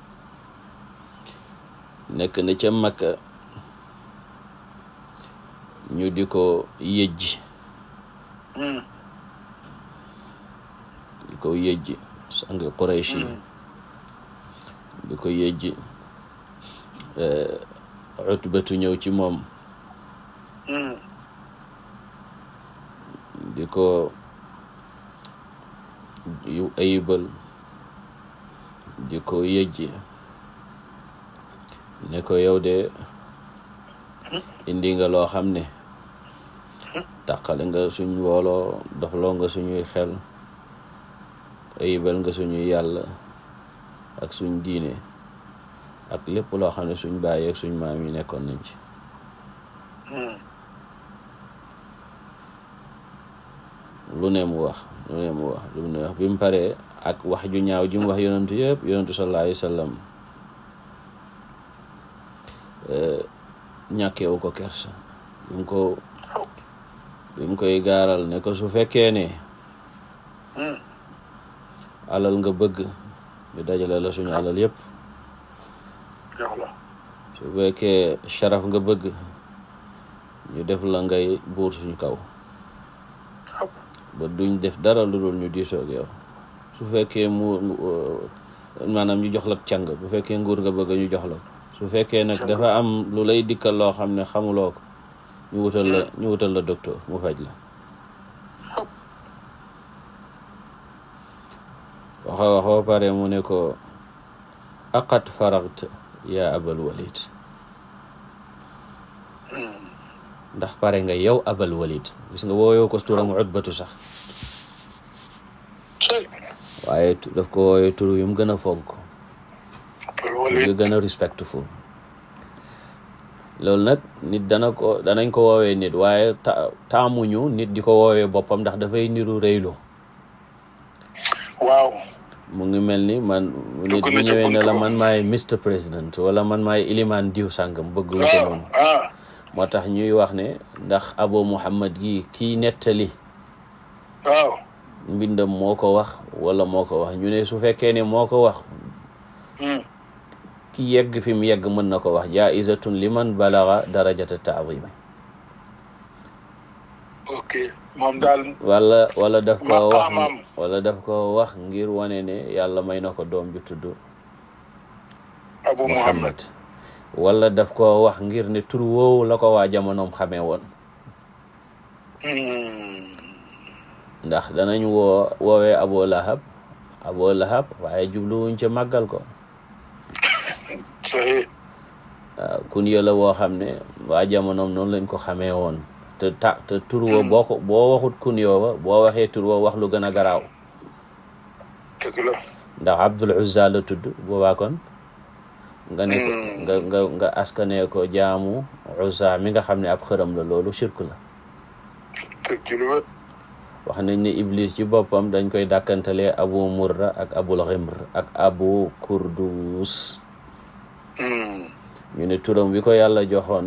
[SPEAKER 1] nekk na ca Makka ñu di ko yëjji di ko yëjji sang Quraysh yi bi hmm. ko yëjj eh, utbatu ñëw ci moom hmm. di ko yu ayibal di ko yëjj ne ko yow de hmm. indi nga loo xam ne taqale nga suñ wooloo dofloo nga suñuy xel ayibal nga suñu yàlla ak suñ diine ak lépp loo xam ne suñ bàyyi ak suñ maam yi nekkoon nañ ci lu ne mu wax lu ne mu wax bi mu paree ak wax ju ñaaw ji mu wax yonentu yëpp yonentu sallallahu alayhi eh, ñàkkewu ko kersa bi mu ko bi mu koy gaaral ne ko su fekkee ne hmm. alal nga bëgg ñu dajale la suñu alal yépp jox la su fekkee sharaf nga bëgg ñu def la ngay buur suñu kaw ba duñ def dara lu dul ñu diisoo yow su fekkee mu euh, maanaam ñu jox la càng bu fekkee nguur nga bëgg ñu jox la su fekkee nag dafa am lu lay dikkal loo xam ne xamuloo ko ñu wutal la ñu wutal la docteur mu faj la waxa waxoo pare mu ne ko aqad faragta yaa abal walid ndax pare nga yow abal walid gis nga wooyoo ko turam utbatu sax waaye daf ko wooyoo tur yu mu gën a fonk yu gën a respectful loolu nag nit dana ko danañ ko woowee nit waaye ta taamuñu nit di ko woowee boppam ndax dafay niru réylu waaw mu ngi mel ni man nit bu ñëwee ne la man maay Mr President wala man maay iliman diw sàngam bëggul ah, ah. moo tax ñuy wax ne ndax abo muhammad gi kii nettali mbindam moo ko wax wala moo ko wax ñu ne su fekkee ne moo ko wax hmm. ki yegg fi mu yegg mën na ko wax jaizatun liman balaga darajata taadima
[SPEAKER 2] ok moom daal
[SPEAKER 1] wala wala daf ko wax ngir wane ne yàlla may na ko doom ju tudd abu wala daf ko wax ngir ne tur woowu la ko waa jamonoom xamee woon
[SPEAKER 2] hmm.
[SPEAKER 1] ndax danañ woo woowee abu lahab abu lahab waaye jubluwuñ ca màggal ko
[SPEAKER 2] waaw
[SPEAKER 1] kun yo la woo xam ne waa jamonoom noonu lañ ko xame woon te ta hmm. boo ko boo waxut kun yoo wa boo waxee tur wa wax lu gën a garaaw ndax Abdul Uzza la tudd boobaa kon nga ne ko hmm. nga askanee ko jaamu Uzza mi nga xam ne ab xërëm la loolu shirk la wax nañ ne iblis ci boppam dañ koy dàkkantalee abu murra ak abul ximr ak abu kurdus hmm. ñu ne turam wi ko yàlla joxoon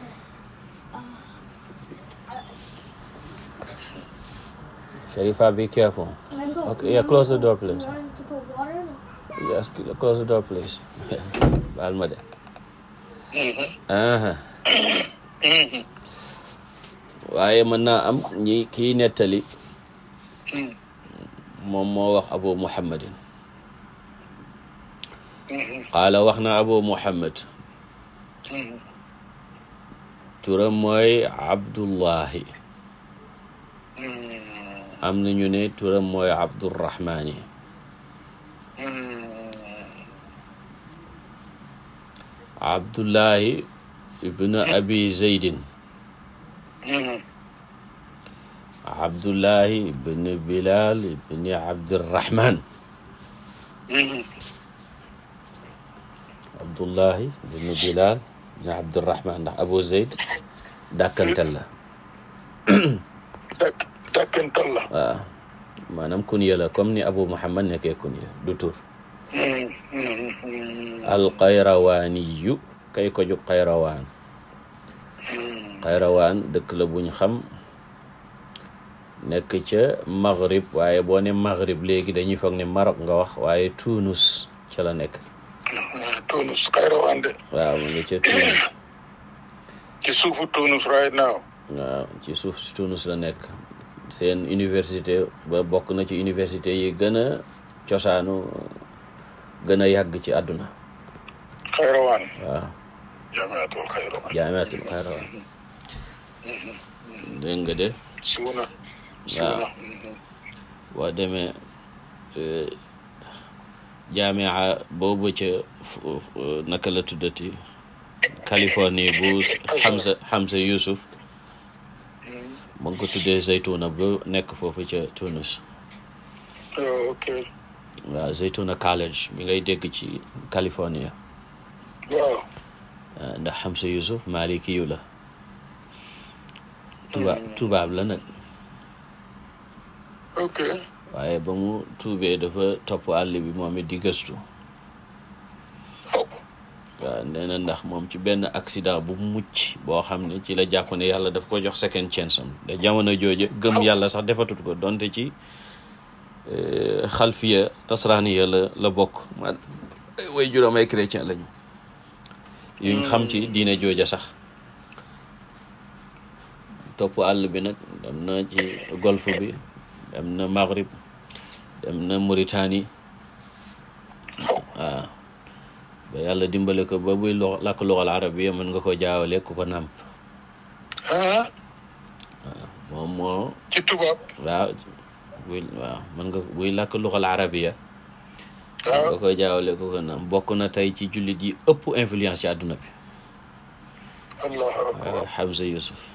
[SPEAKER 1] Sharifa, be careful. Okay, yeah, close door, please. baal ma de.
[SPEAKER 2] Mm-hmm. Mm-hmm.
[SPEAKER 1] waaye mën naa am ñi kii nettali mm. moom wax abu muhammadin mm-hmm. qaala wax abu muhammad turam abdullahi mm. am na ñu ne turam mooy Abdurrahmaani
[SPEAKER 2] hmm.
[SPEAKER 1] Abdullahi ibnu hmm. Abi Zaydin hmm. Abdullahi ibnu Bilal ibnu Abdirrahman Abdullahi ibnu Bilal ibnu Abdirrahman ndax Abu Zayd dàkkantel la dëkkantal la waaw ah, maanaam kunya la comme ni Abu Muhammad nekkee kunya du tur
[SPEAKER 2] hmm, hmm, hmm.
[SPEAKER 1] alxayrawaaniyu kay ko jug xayrawaan xayrawaan dëkk la buñ xam nekk ca maghrib waaye boo ne maghrib léegi dañuy foog ne Maroc nga wax waaye Tunus ca la nekk ah,
[SPEAKER 2] ci suufu Tunus
[SPEAKER 1] Tunus la nekk seen université ba bokk na ci université yi gën a cosaanu gën a yàgg ci àdduna xayrawaan waaw jaamiatul xayrawaan jaamiatul de suuna waaw boo e, boobu ca naka la tuddati Californie bu Hamza Yusuf ma ngi ko tuddee zaytuna ba nekk foofu ca Tunis. Oh, ok. college bi ngay dégg ci California. waaw. Eh, ndax Hamza Yusuf Maliki yu la. tuba hmm. tubaab la nag. waaye ba mu tuubee dafa topp àll bi moom di gëstu. waaw nee ndax moom ci benn accident bu mucc boo xam ne ci la jàpp yàlla daf ko jox second chance am da jamono jooju gëm yàlla sax defatut ko donte ci e, xalfiya tasraaniya la la bokk man way juróom ay chrétien lañu yuñ hmm. xam ci diine jooja sax topp àll bi nag dem na ci bi dem na maghrib dem na ba yàlla dimbale ko ba buy lo làkk luxal arab bi mën nga ko jaawale ko nàmp ah. waaw moo ci tubaab waaw buy waaw mën nga buy ah. ko jaawale ku ko nàmp bokk na tey ci jullit yi ëpp influence ci àdduna bi waaw Hamza Yusuf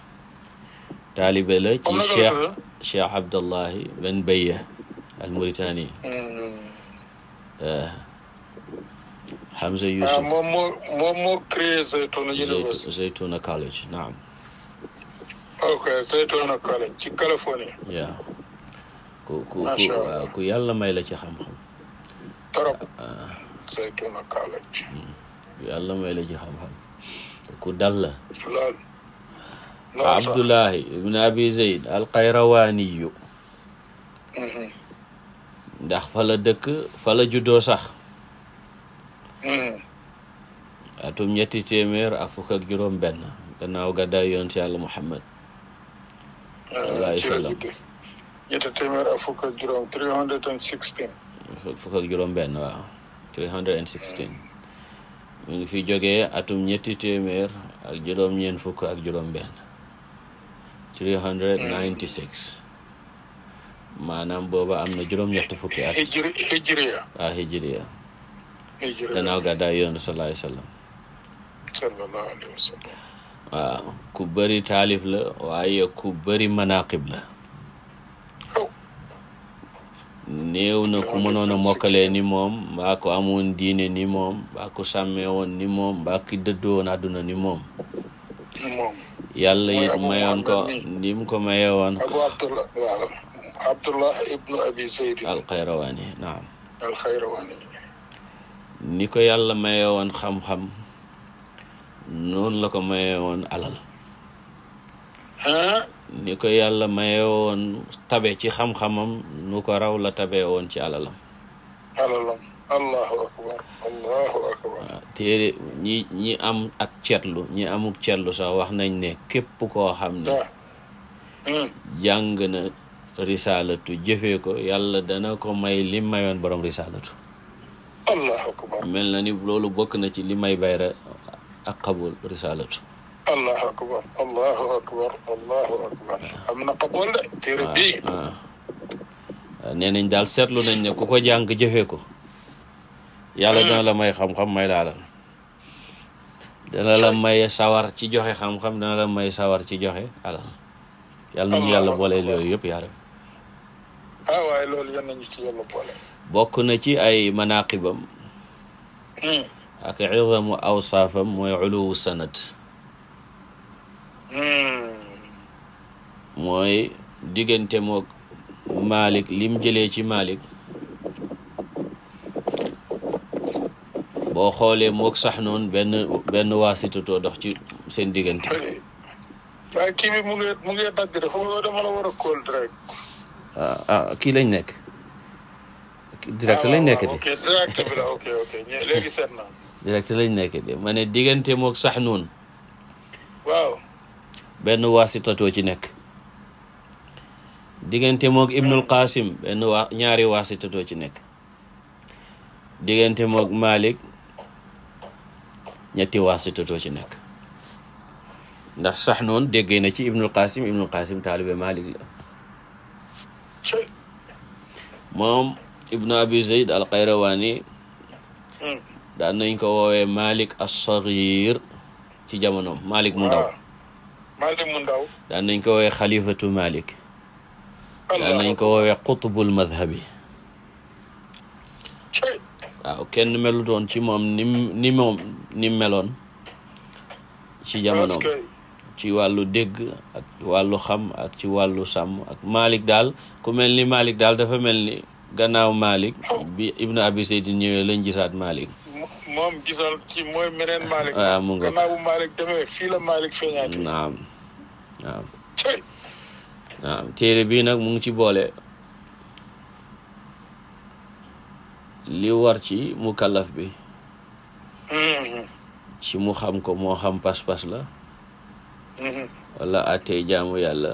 [SPEAKER 1] Hamza uh, Yusuf
[SPEAKER 2] moom moo moom moo créé Zaytuna University
[SPEAKER 1] Zaytuna College naam.
[SPEAKER 2] ok Zaytuna College ci Californie.
[SPEAKER 1] yaa ku ku uh, ku yàlla may la ci xam-xam. trop uh, Zaytuna College. Mm. ku yàlla may la ci xam-xam ku dal la. lool
[SPEAKER 2] lool Abdullahi
[SPEAKER 1] ibn Abi Zayd al-Qayrawaaniyu. Mm-hmm. ndax fa la dëkk fa la juddoo sax. atum ñetti téeméer ak fukk ak juróom benn gannaaw gàddaay yoon si yàlla Muhammad
[SPEAKER 2] walaay salaam ñetti
[SPEAKER 1] téeméer ak fi jógee atum ñetti téeméer ak juróom ñeent fukk ak juróom benn maanaam booba am na juróom ñetti fukki at
[SPEAKER 2] hijriya
[SPEAKER 1] ah, gannaaw gàddaay yonent sallallahu waaw ku bëri taalif la waaye ku bari manaqib la oh. néew na ku mënoon a ni moom mbaa ku amoon diine ni moom mbaa ku sàmmee woon ni moom mbaa ki dëddoo woon àdduna ni moom yàlla it mayoon ko ni mu ko mayee woon
[SPEAKER 2] Abdullah ibnu Abi Zayd al
[SPEAKER 1] Qayrawani naam al ni ko yàlla maye woon xam-xam noonu la ko maye woon alal ni ko yàlla maye woon tabe ci xam-xamam nu ko raw la tabe woon ci alalam
[SPEAKER 2] alalam allahu akbar allahu akbar
[SPEAKER 1] waaw ñi am ak ceetlu ñi amuk ceetlu sax wax nañ ne képp koo xam ne hmm. jàng na risalatu jëfe ko yàlla dana ko may li mayoon borom risalatu allahu akbar mel na ni loolu bokk na ci li may bayra ak xabul risalatu
[SPEAKER 2] allahu akbar allahu akbar ah. am na xabul de téere ah, bii ah.
[SPEAKER 1] nee nañ daal seetlu nañ ne ku ko jàng jofe ko yàlla hmm. dana la may xam-xam may laalal dana la may sawar ci joxe xam-xam dana la may sawar ci joxe alal yàlla nañu yàlla booleel loolu yal nañu bokk na ci ay manaqibam hmm. ak izamu awsaafam mooy uluwu sanad
[SPEAKER 2] hmm.
[SPEAKER 1] mooy diggante mook Malik lim jëlee ci Malik boo xoolee mook sax noonu benn benn waasitatoo dox ci seen diggante
[SPEAKER 2] waaw
[SPEAKER 1] ah, ah, kii lañ nekk direct lañ nekk de. Ah, ok
[SPEAKER 2] direct bi la ok ok léegi seet naa.
[SPEAKER 1] direct lañ nekk de ma ne diggante moog sax noonu. waaw. benn waasitatoo ci nekk. diggante moog Ibnul Qasim benn waa ñaari waasitatoo ci nekk. diggante moog Malik ñetti waasitatoo ci nekk. ndax sax noonu déggee na ci Ibnul Qasim Ibnul Qasim taalibe Malik la. moom. ibnu abi zayd al qayrawani hmm. daan nañ ko woowee malik as-saghir ci jamonoom malik mu ndaw
[SPEAKER 2] malik mu ndaw
[SPEAKER 1] nañ ko woowee xalifatu malik daan nañ ko woowee qutbul madhabi kenn melutoon ci moom ni ni moom ni meloon ci jamonoom ci wàllu dégg ak xam ak ci wàllu sàmm ak malik daal ku mel ni malik daal dafa mel ni gannaaw Malik bi Ibnu Abi Seydin ñëwee lañ gisaat Malik
[SPEAKER 2] moom gisal ci mooy meneen Malik
[SPEAKER 1] waaw ah, mu nga gannaaw
[SPEAKER 2] Malik demee fii la Malik feeñaat
[SPEAKER 1] naam waaw waaw téere bii nag mu ci boole li war ci mukallaf bi mm-hmm. ci mu xam ko moo xam pas-pas la mm-hmm. wala attee jaamu yàlla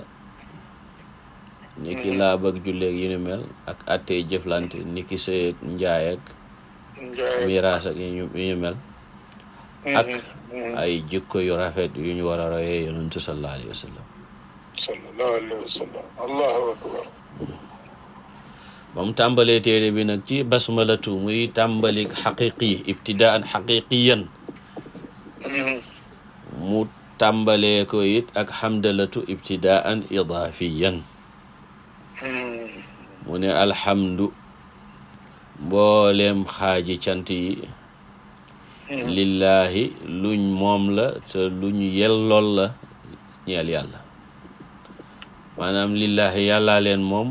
[SPEAKER 1] ni ki mm-hmm. laab ak julleeg mel ak attey jëflante ni ki sëyeeg njaay ak miraas mel mm-hmm. ak
[SPEAKER 2] mm-hmm. ay
[SPEAKER 1] jikko yu rafet yu ñu war a royee yonentu sallallahu alayhi wa sallam
[SPEAKER 2] sallallahu alayhi
[SPEAKER 1] wa mu tàmbalee téere bi ci basmalatu muy tàmbalik xaqiqi ibtidaan xaqiqiyan mu tàmbalee ko it ak xamdalatu ibtidaan idaafiyan mu ne alhamdu mbooleem xaaji cant yi lillaahi luñ moom la te luñ yellool la ñeel yàlla maanaam lillaahi yàllaa leen moom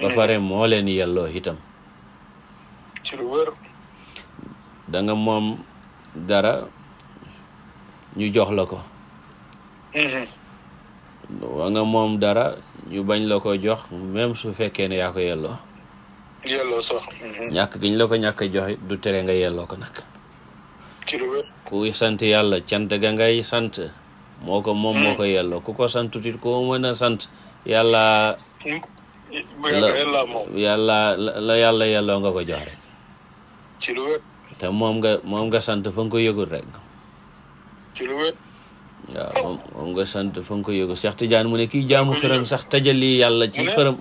[SPEAKER 1] ba pare moo leen yelloo itam danga moom dara ñu jox la ko
[SPEAKER 2] da
[SPEAKER 1] mhm. moom dara ñu bañ la ko jox même su fekkee ne yaa ko yelloo
[SPEAKER 2] yelloo sax ñàkk
[SPEAKER 1] gi la ko ñàkk jox du tere nga yelloo ko nag ku sant yàlla cant ga ngay sant moo ko moom moo ko yelloo ku ko santutit ko mën a sant yàlla yàlla la yàlla yelloo nga ko jox rek nga sant fa ko yëgul rek waaw moom moom nga sant fa nga ko yóbbu Cheikh Tidiane mu ne kii jaamu xërëm sax tajali yàlla ci xërëm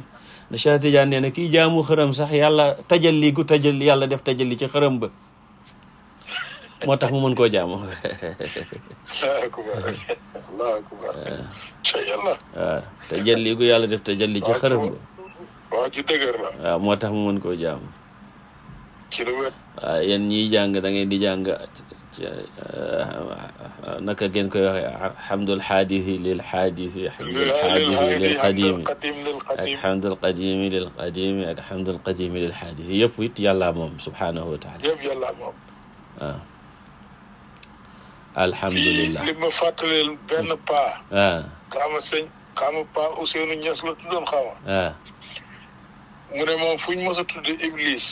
[SPEAKER 1] ne Cheikh Tidiane nee na kii jaamu xërëm sax yàlla tajali gu tajali yàlla def tajali ci xërëm ba moo tax mu mën koo jaamu. waaw tajali gu yàlla def tajali ci xërëm ba.
[SPEAKER 2] waaw ci dëgër la.
[SPEAKER 1] waaw moo tax mu mën koo jaamu. ci lu wet. waaw yéen ñiy jàng da ngeen di jàng. Eh, eh, naka ngeen koy waxee xamdul xaadisi lil xaadisi xamdul xaadisi lil qadimi ak xamdul qadimi lil qadimi ak xamdul qadimi lil xaadisi yëpp it yàlla moom subhaanahu wa taala
[SPEAKER 2] yëpp yàlla moom
[SPEAKER 1] waaw ah. alhamdulilah li
[SPEAKER 2] ma fàttaleel benn paa ah kaama sëñ kaama paa Ousseynou Niass la tuddoon xaama ah mu ne moom fuñ mos a tudde Iblis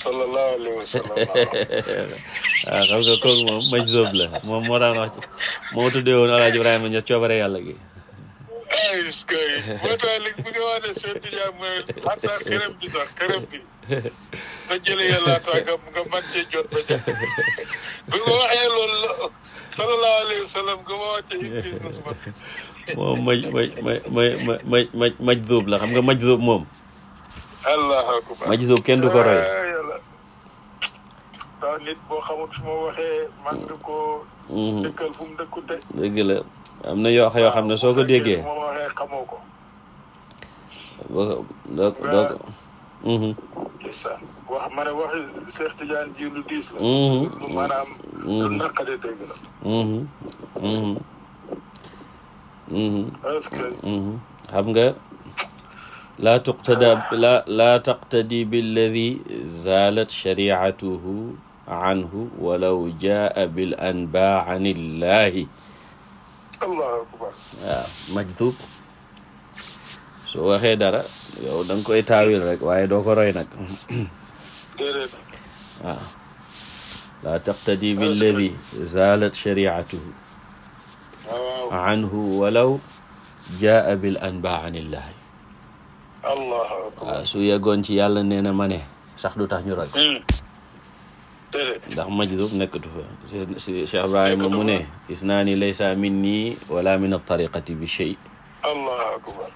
[SPEAKER 2] sallallahu alayhi wa sallam
[SPEAKER 1] waaw ah, xam nga kooku moom maj zoob la moom moo daan wax moo tuddee woon Alaaji Ibrahima Ñas coobare yàlla gi
[SPEAKER 2] est ce que moo tax li bu ñu waxee Cheikh Tidiane mooy xataa këram bi sax këram bi nga jëlee yàlla nga nga mën cee jot ba jot bi ma waxee loolu la sallallahu alayhi wa sallam nga ma wàcce gis na suma
[SPEAKER 1] moom maj maj maj maj maj maj zoob la xam nga maj zoob moom. allah akbar maj zoob kenn du ko roy. saa nit boo xamut fu ma waxee man nga koo. Mhm. dëkkal fu mu dëkkute. dëgg la am na yoo yoo xam ne soo ko déggee. moo waxee xamoo ko. doo ko doo ko.
[SPEAKER 2] wax ma ne waxi Cheikh Tidiane ji lu diis la. Mhm. lu maanaam. lu mhm. naqade dégg la. est-ce que.
[SPEAKER 1] xam nga. laa tuqtada laa laa taqtadi billadi zaalat shariatuhu anhu walaw jaa bil anba an illahi allahu akbar waaw majdub soo waxee dara yow da nga koy taawil rek waaye doo ko roy nag waaw laa taqtadi billadi zaalat shariatuhu anhu walaw jaa bil anba an illahi
[SPEAKER 2] allahu
[SPEAKER 1] akbar waaw su yeggoon ci yàlla nee na ma ne sax du tax ñu roy ndax majdub nekkatu fa si Cheikh Ibrahima mu ne isnaani laysa minni wala min altariqati bi shay allahu akbar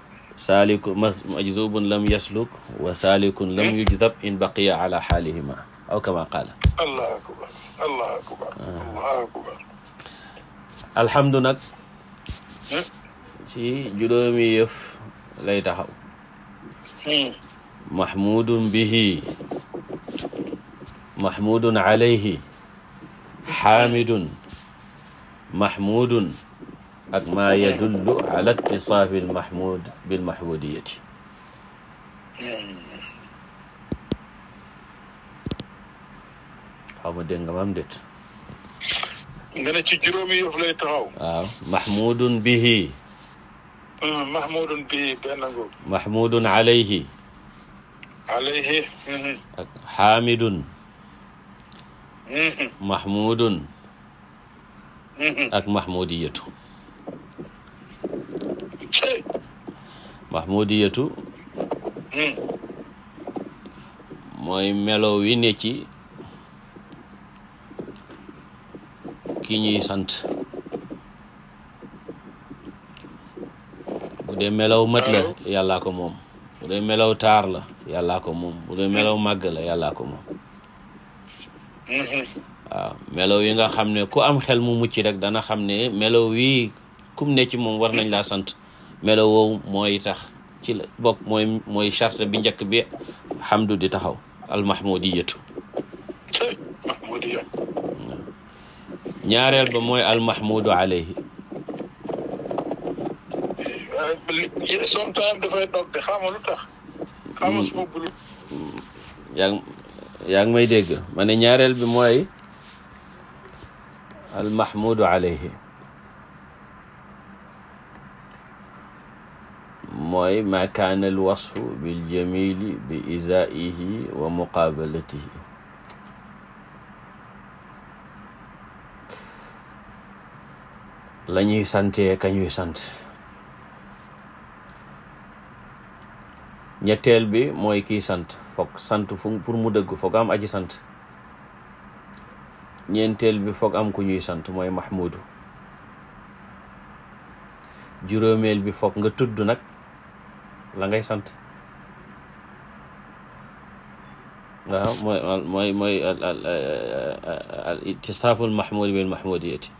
[SPEAKER 1] saaliku majdubun lam yasluk wa saalikun lam hmm? yujdab in baqiya ala xaalihima aw kama qaala
[SPEAKER 2] allahu akbar allahu akbar allahu akbar
[SPEAKER 1] alhamdu nag hmm? ci juróomi yëf lay taxaw hmm. mahmudun bihi mahmudun alayhi xaamidun mahmudun ak maa yadullu ala ittisaafi lmahmud bilmahmudiyati xaw ma dégg nga maam déet
[SPEAKER 2] nga ne ci juróomi yëf lay taxaw
[SPEAKER 1] waaw mahmudun bihi
[SPEAKER 2] hmm, mahmudun bihi benn ngoog
[SPEAKER 1] mahmudun alayhi
[SPEAKER 2] alayhi hmm, hmm.
[SPEAKER 1] ak xaamidun Mm-hmm. mahmudun mm-hmm. ak mahmudiyatu mahmudiyatu mooy melo wi ne ci ki ñuy sant bu dee melaw mat la yàllaa ko moom bu dee melaw taar la yàllaa ko moom bu dee melaw màgg la yàllaa ko moom
[SPEAKER 2] waaw
[SPEAKER 1] melow yi nga xam ne ku am xel mu mucc rek dana xam ne melow yi kum ne ci moom war nañ laa sant melow woowu mooy tax ci bokk mooy mooy bi njëkk bi xam du di taxaw almahmudiyatu ñaareel ba mooy almahmudu alayhi sometimes yaa ngi may dégg ma ne ñaareel bi mooy al mahmudu alayhi mooy ma kaana al wasfu bil jamili bi izaihi wa muqabalatihi la ñuy santee ka ñuy sant ñetteel bi mooy kiy sant foog sant fu mu dëgg foog am aji sant ñeenteel bi foog am ku ñuy sant mooy mahmudu juróomeel bi foog nga tudd nag la ngay sant waaw mooy mooy mooy al ittisaaful mahmud bil mahmudiyati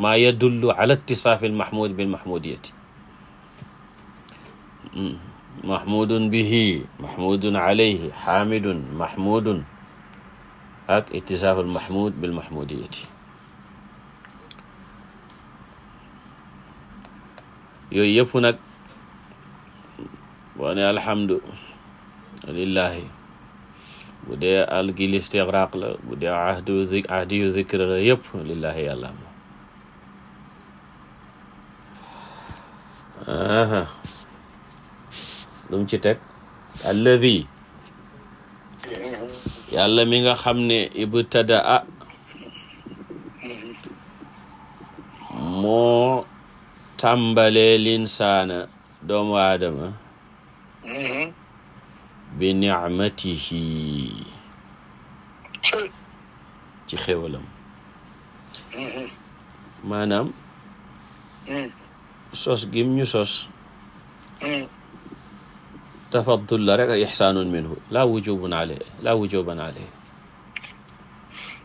[SPEAKER 1] maa yadullu ala ittisaafil mahmud bil mahmudiyati hmm. mahmudun bihi mahmudun alayhi xaamidun mahmudun ak ittisaaful mahmud bil mahmudiyati yooyu yëpp nag boo ne alhamdu lillahi bu dee algi listigraq la bu dee ahdu zik ahdiyu zikr la yëpp lillahi yàlla ma lu ci teg vi yàlla mi nga xam ne ibtadaa moo tàmbalee linsaana doom aadama bi nicmatihi ci xéwalam maanaam sos gim ñu sos tafaddul la rek ixsaanun minhu laa wujubun alayhi laa wujuban alayhi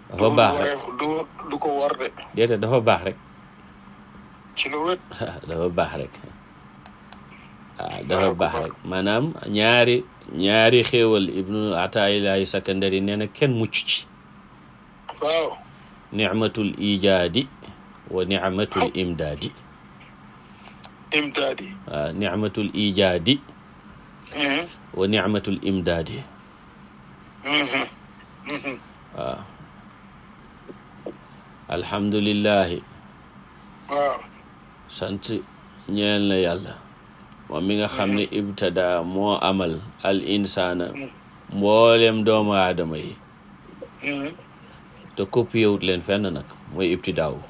[SPEAKER 1] dafa baax rek du ko war de dafa baax rek ci lu wét baax maanaam ñaari ñaari xéewal ibnu nee na kenn mucc ci waaw nicmatul ijaadi wa nicmatul Mm-hmm. wa nicmatul imdaadi
[SPEAKER 2] waaw mm-hmm. mm-hmm.
[SPEAKER 1] ah. alhamdulillahi waaw sant ñeel na yàlla mi nga xam ne ibtada moo amal al insaana mboolem doomu aadama yi te koppi yewut leen fenn nag mooy ibtidaawu oh.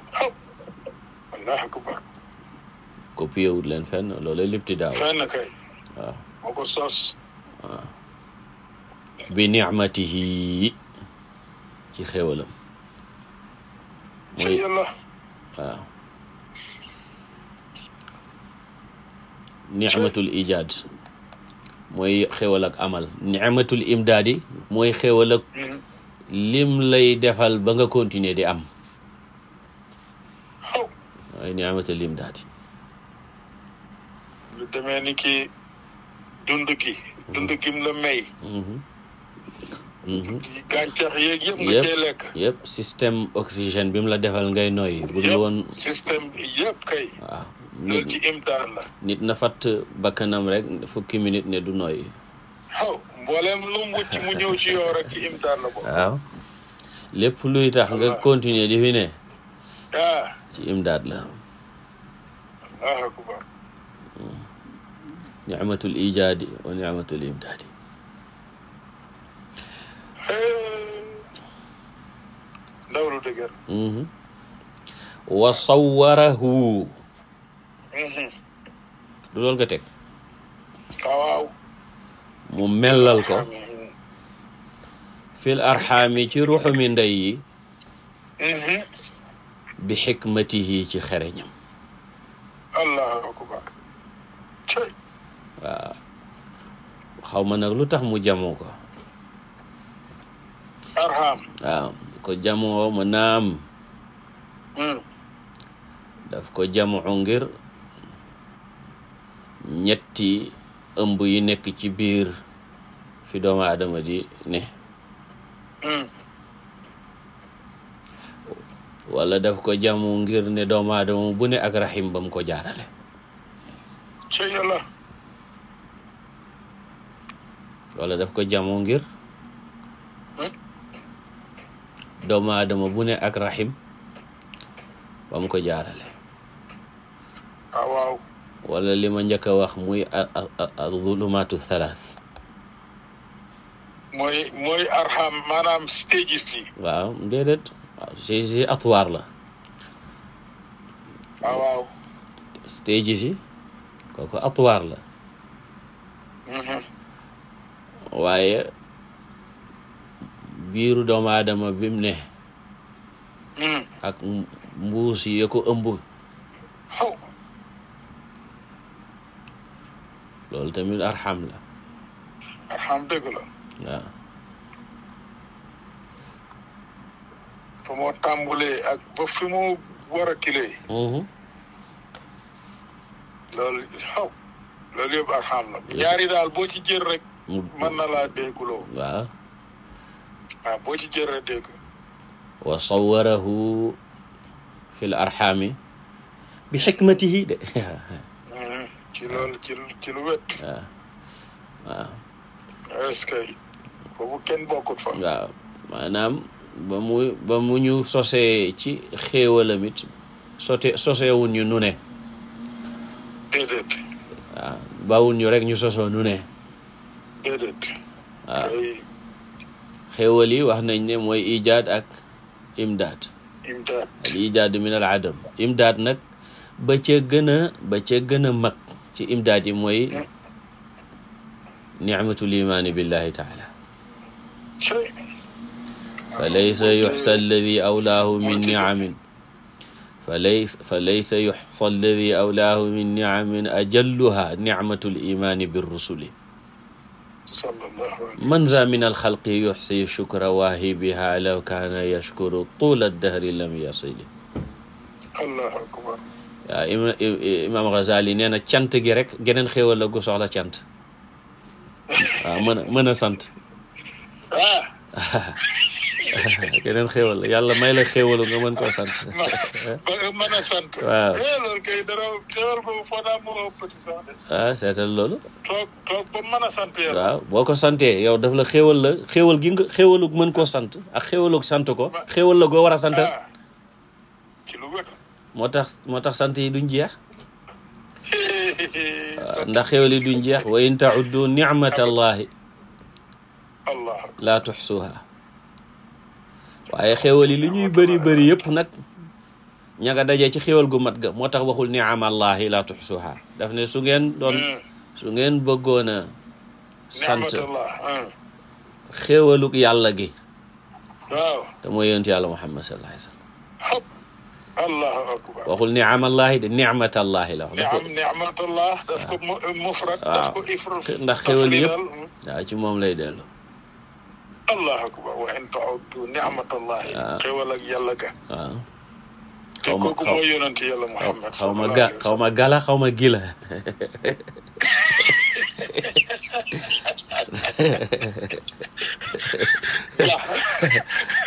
[SPEAKER 1] koppi yewut leen fenn loolu lay ibtidaawu moo ko sos waaw bi nicmatihi ci xéwalam mooy yàlla waaw nicmatul ijaad mooy xéwal amal nicmatul imdaadi mooy xéwal ak mm. lim lay defal ba nga continue di am waaye nicmatul imdaadi
[SPEAKER 2] dund gi mhm. dund gim la may
[SPEAKER 1] mhm. Mhm.
[SPEAKER 2] gàncax yeeg yëpp
[SPEAKER 1] bi mu la defal ngay noyyi bu dul woon
[SPEAKER 2] système bi kay
[SPEAKER 1] ah, nit na fatt bakkanam rek fukki minute ne du noy
[SPEAKER 2] xaw mbooleem lu
[SPEAKER 1] lépp luy tax nga continuer di fi ne ah. ci imdaad la nicmatul ijaadi wa nicmatul imdaadi eh, dawlu dëgër mhm. wa sawwarahu mhm. du loolu nga teg ah, waaw mu mellal ko fil arxaami ci ruxumi ndey yi mhm. bi xikmatihi ci xereñam allahu akbar waaw xaw ma nag lu tax mu jamoo ko ko jamoo mu naam hmm. daf ko jamoo ngir ñetti ëmb yi nekk ci biir fi doomu aadama di ne hmm. wala daf ko jamu ngir ne doomu aadama bu ne ak rahim bam ko jaarale loola daf ko jamu ngir hmm? doomu aadama bu ne ak rahim ba mu ko jaarale ah, waaw wala li ma njëkk a wax muy azulumaatu thalath
[SPEAKER 2] mooy mooy arham maanaam stages yi
[SPEAKER 1] waaw déedéet waaw si atwaar la ah, waaw stages yi kooku atwaar la mm-hmm. waaye biiru doomu aadama bi mu ne hmm. ak mbuus yi ya ko ëmb loolu tamit arxam la
[SPEAKER 2] arxam dëgg la waaw fa mu war a kilee mhm. loolu yëpp arxam la ñaari daal boo ci jër rek mu mën na laa déggloo.
[SPEAKER 1] fi l bi xikmatihi de. ba mu ñu sosee ci xéewalam it sote soseewuñ ñu nu ne. déedéet. ñu rek ñu sosoo nu ne. déedéet waaw ah. xéewal yi wax nañ ne mooy ijaad ak imdaad imdaad al ijaad min al adam imdaad nag ba ca gën a ba ca gën a mag ci imdaad yi mooy hmm. nicmatul imaani billahi taala
[SPEAKER 2] fa laysa yuxsa
[SPEAKER 1] alladi awlaahu min nicamin fa laysa fa laysa yuxsa alladi awlaahu min nicamin ajalluha nicmatul imaani birrusuli man za min alxalqi yuxsi shukra waahibiha law kaana yashkuru tuula dahri lam yasili
[SPEAKER 2] allahu akbar
[SPEAKER 1] waaw imaam Ghazali nee na cant gi rek geneen xéewal la gu soxla cant waaw mën a mën a sant
[SPEAKER 2] ah.
[SPEAKER 1] geneen xéewal la yàlla may la xéewalu nga mën koo sant.
[SPEAKER 2] mën a sant. waaw eh, loolu kay dara xéewal boobu
[SPEAKER 1] foo daa mu ëpp ci sax de. ah seetal loolu. toog
[SPEAKER 2] toog ba mën a sant yow. waaw
[SPEAKER 1] boo ko santee yow daf la xéewal la xéewal gi nga xéewalug mën koo sant ak xéewalug sant ko xéewal la goo war a sant. Ah, ci lu wér. moo tax moo tax sant yi duñ jeex. Ah, ndax xéewal yi duñ jeex wa in tauddu nicmatallahi laa tuxsuha waaye xéwal yi li ñuy bëri bëri yëpp nag ña nga daje ci xéwal gu mat ga moo tax waxul niamallahi la tuxsuha daf ne su ngeen doon hmm. su ngeen bëggoon a sant
[SPEAKER 2] hmm.
[SPEAKER 1] xéwalug yàlla gi waaw te mooy yonent yàlla muhammad sallallahu alayhi wa sallam allahu akbar waxul niamallahi de niamatallahi la wax
[SPEAKER 2] niamatallah daf ko mufrad daf ko ifrad ndax xéwal yëpp hmm.
[SPEAKER 1] waaw ci moom lay dellu
[SPEAKER 2] allahu akbar wa in ta'uddu ni'matallahi ah. xéwal ak yàlla ga
[SPEAKER 1] ah. te kooku mooy
[SPEAKER 2] yonent yàlla Muhammad xaw ma ga
[SPEAKER 1] xaw ma gala xaw ma gila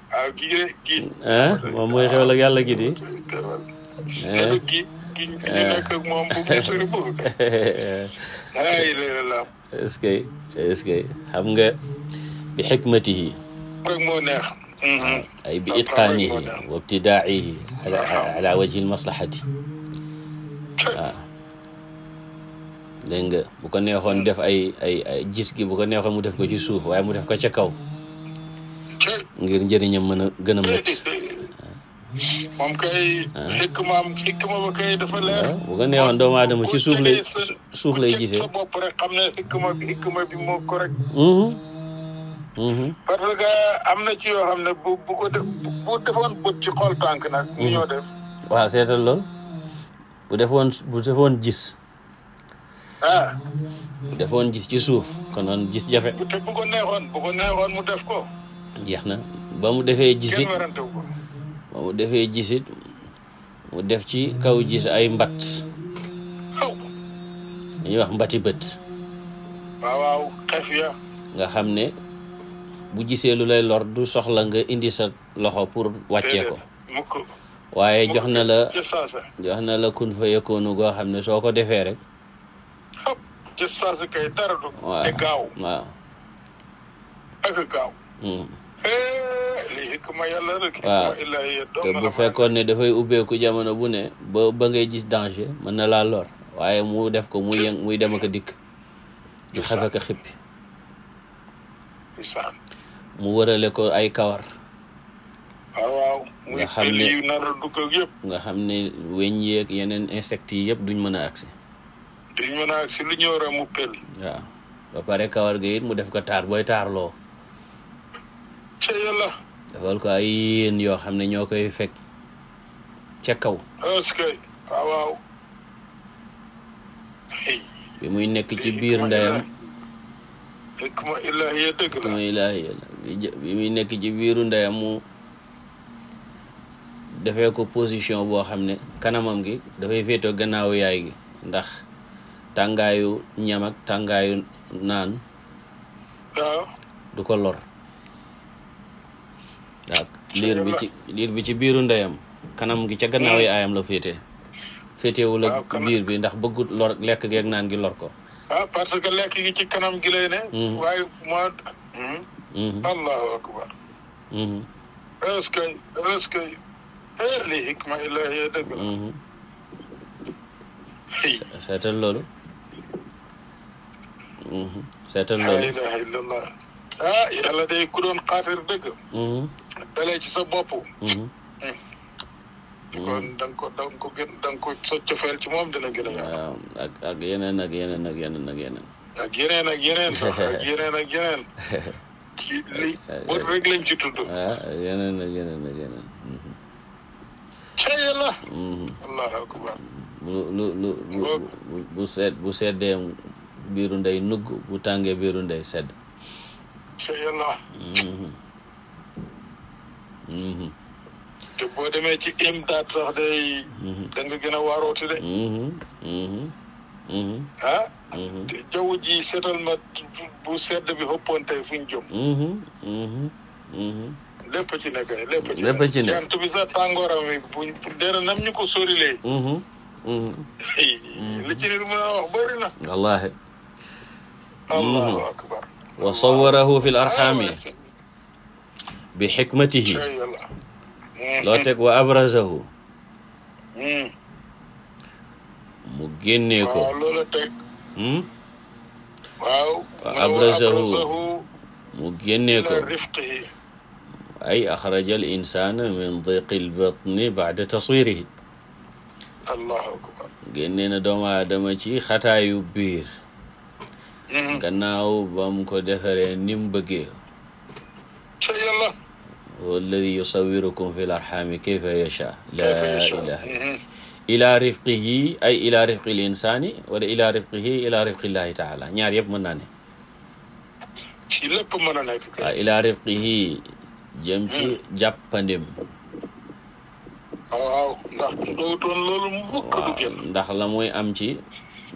[SPEAKER 2] waaw gi gi
[SPEAKER 1] ah moom mooy xewal ak yàlla gi di. xewal gi
[SPEAKER 2] gi ñu nekk ak moom bu mu sori boobu. ay la
[SPEAKER 1] est-ce que est-ce que xam nga bi xikmatihi. rek moo neex. ay bi itqaanihi wa ibtidaa'ihi ala ala wajhi almaslahati waaw dégg nga bu ko neexoon def ay ay gis gi bu ko neexoon mu def ko ci suuf waaye mu def ko ca kaw. ngir njëriñam mën a gën a mët
[SPEAKER 2] moom kay ah. xikmaam ba kay dafa leer
[SPEAKER 1] ah, bu ko ci suuf lay suuf lay gisee sa mm-hmm. Mm-hmm.
[SPEAKER 2] am na ci yoo xam ne bu bu ko defoon bët ci xool tànk nag ñu mm-hmm. ñoo def
[SPEAKER 1] waaw seetal lool bu defoon bu bu ah. defoon gis ci suuf konoon gis jafe te
[SPEAKER 2] bu ko neexoon mu def ko
[SPEAKER 1] jeex na ba mu defee jisit ba mu jisit mu def ci kaw jis ay mbat dañuy wax mbati bët nga xam ne bu jisee lu lay lor du soxla nga indi sa loxo pour wàccee ko waaye jox na la jox la kun yëkkoonu goo xam ne soo ko defee rek waaw
[SPEAKER 2] waaw te bu fekkoon
[SPEAKER 1] ne dafay ubbeeku jamono bu ne ba ba ngay gis danger mën na laa lor waaye mu def ko muy yëng muy dem ak dikk di xef ak a mu wërale ko ay kawar
[SPEAKER 2] ah, nga xam ne
[SPEAKER 1] nga xam ne weñ yeeg yeneen insectes yi yëpp duñ mën a agsi
[SPEAKER 2] duñ mën a agsi lu ñëw rek mu pel
[SPEAKER 1] waaw ba pare kawar ga mu def ko taar booy taarloo ca yàlla yoo xam ne ñoo koy fekk ca kaw muy nekk ci biir ndeyam hikma nekk ci biiru ndeyam mu defee ko position boo xam ne kanamam gi dafay féetoo gannaaw yaay gi ndax tàngaayu ñamak ak tàngaayu naan du ko lor liir bi ci liir bi ci biiru ndeyam kanam gi ca gannaaw yi aayam la féete féetewul ak biir bi ndax bëggu lor lekk geeg naan gi lor ko
[SPEAKER 2] ah parce que lekk gi ci kanam gi lay ne mm-hmm. waaye moo mm-hmm. Mm-hmm. allahu akbar est-ce que
[SPEAKER 1] seetal loolu seetal loolu
[SPEAKER 2] laa ilaaha ah, yàlla day ku doon xaatir dëgg dalee ci sa bopp.
[SPEAKER 1] Mhm. Hmm. Mhm. kon da ko da nga ko gën da nga ko sa cofeel ci moom dina gën a yaatu. waaw ak ak yeneen ak yeneen ak yeneen ak
[SPEAKER 2] yeneen. ci li bët rek lañ ci ah, ak
[SPEAKER 1] yeneen ak yeneen. Mhm.
[SPEAKER 2] ca yàlla. allahu
[SPEAKER 1] bu lu lu ndey nugg bu tàngee ndey sedd. ca yàlla. Mm-hmm.
[SPEAKER 2] te boo demee ci imdaad sax day. Mm-hmm. da nga gën a waarooti de.
[SPEAKER 1] Mm-hmm.
[SPEAKER 2] ah. jaww ji seetal ma bu sedd bi xëppoon tey fu ñu jëm. lépp ci nekk lépp ci nekk lépp ci nekk jant bi sax tàngooram yi buñ dee nam ñu ko sóorilee. li ci nit mën a wax bëri na.
[SPEAKER 1] wallaahi. allahu akbar. wa sawwarahu fi l arxaami bi xikmatihi loo teg wa abrazahu mu génnee ko hmm?
[SPEAKER 2] wa abrazahu
[SPEAKER 1] mu génnee ko ay axraja al insaana min diqi al batni bacda taswirihi
[SPEAKER 2] allahu akbar
[SPEAKER 1] génnee na doomu aadama ci xataayu biir hmm. gannaaw ba mu ko defaree ni mu bëggee walladi yusawirukum fi l arxaami kayfa yasha laa ilaha ila rifqihi ay ila rifqil insaani wala ila rifqihi ila rifqillahi taala ñaar yëpp mën naa ne
[SPEAKER 2] ci lépp mën a nekk
[SPEAKER 1] waaw ila rifqihi jëm ci jàppandim
[SPEAKER 2] waaw ndax dootoon loolu mukk du génn
[SPEAKER 1] ndax la muy am ci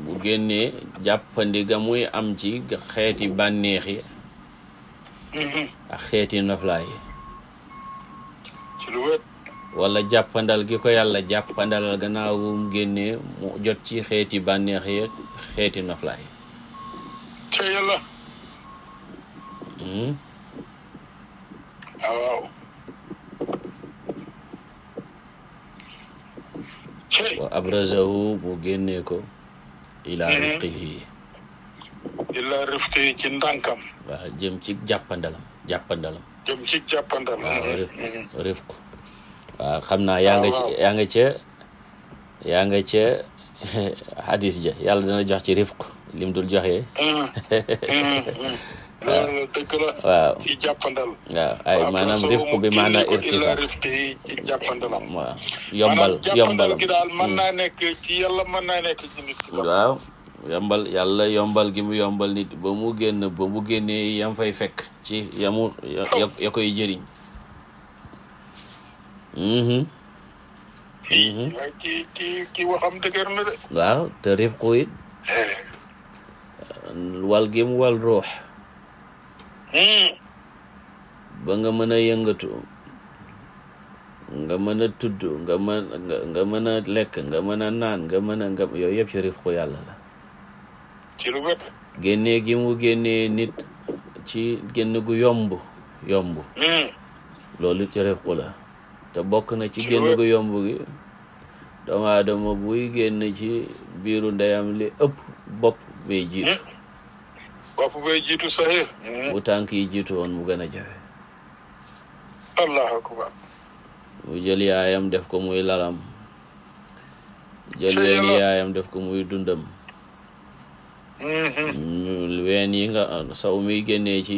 [SPEAKER 1] bu génnee jàppandi ga muy am ci xeeti bànneex yi ak xeeti noflaay yi wala jàppandal gi ko yàlla jàppandal gannaaw bu génnee mu jot ci xeeti bànneex yeeg xeeti noflaay
[SPEAKER 2] ca yàlla hmm? waaw wa
[SPEAKER 1] abrazahu mu génnee ko ila hmm. rifqihi
[SPEAKER 2] ila ci ndànkam
[SPEAKER 1] waaw jëm ci jàppandalam jàppandalam
[SPEAKER 2] jëm ci jàppandal. waaw mhm,
[SPEAKER 1] rifq mhm. waaw xam naa yaa nga ci yaa nga ca yaa nga ca hadis ja yàlla dana jox ci rifq lim dul joxe. Mhm, loolu dëgg la. waaw ci jàppandal. waaw ay maanaam rifq bi maanaam irtifa
[SPEAKER 2] waaw yombal yombalam. jàppandal gi daal mën hmm. naa nekk ci yàlla mën naa nekk ci nit.
[SPEAKER 1] waaw. yombal yàlla yombal gi mu yombal nit ba mu génn ba mu génnee yam fay fekk ci yamu ya koy jëriñ mm-hmm. Mm-hmm.
[SPEAKER 2] ki ki ki waaw
[SPEAKER 1] te rifqu eh. wal gi mu wal ruux hmm. ba nga mën a yëngatu nga mën a tudd nga mën nga mën a lekk nga mën a naan nga mën a nga yooyu yëpp ci rifqu yàlla la ci gi mu génnee nit ci génn gu yomb yomb hmm. loolu ci rifqu la te bokk na ci génn gu yomb gi doomu aadama buy génn ci biiru ndeyam li ëpp bopp bay jiitu
[SPEAKER 2] hmm. bopp bay jiitu saxiix hmm. bu
[SPEAKER 1] tànk yi jiitu woon mu gën a jafe
[SPEAKER 2] allahu
[SPEAKER 1] mu jël yaayam def ko muy lalam jël leen yaayam def ko muy dundam Mm-hmm. ween yi nga saw mi génnee ci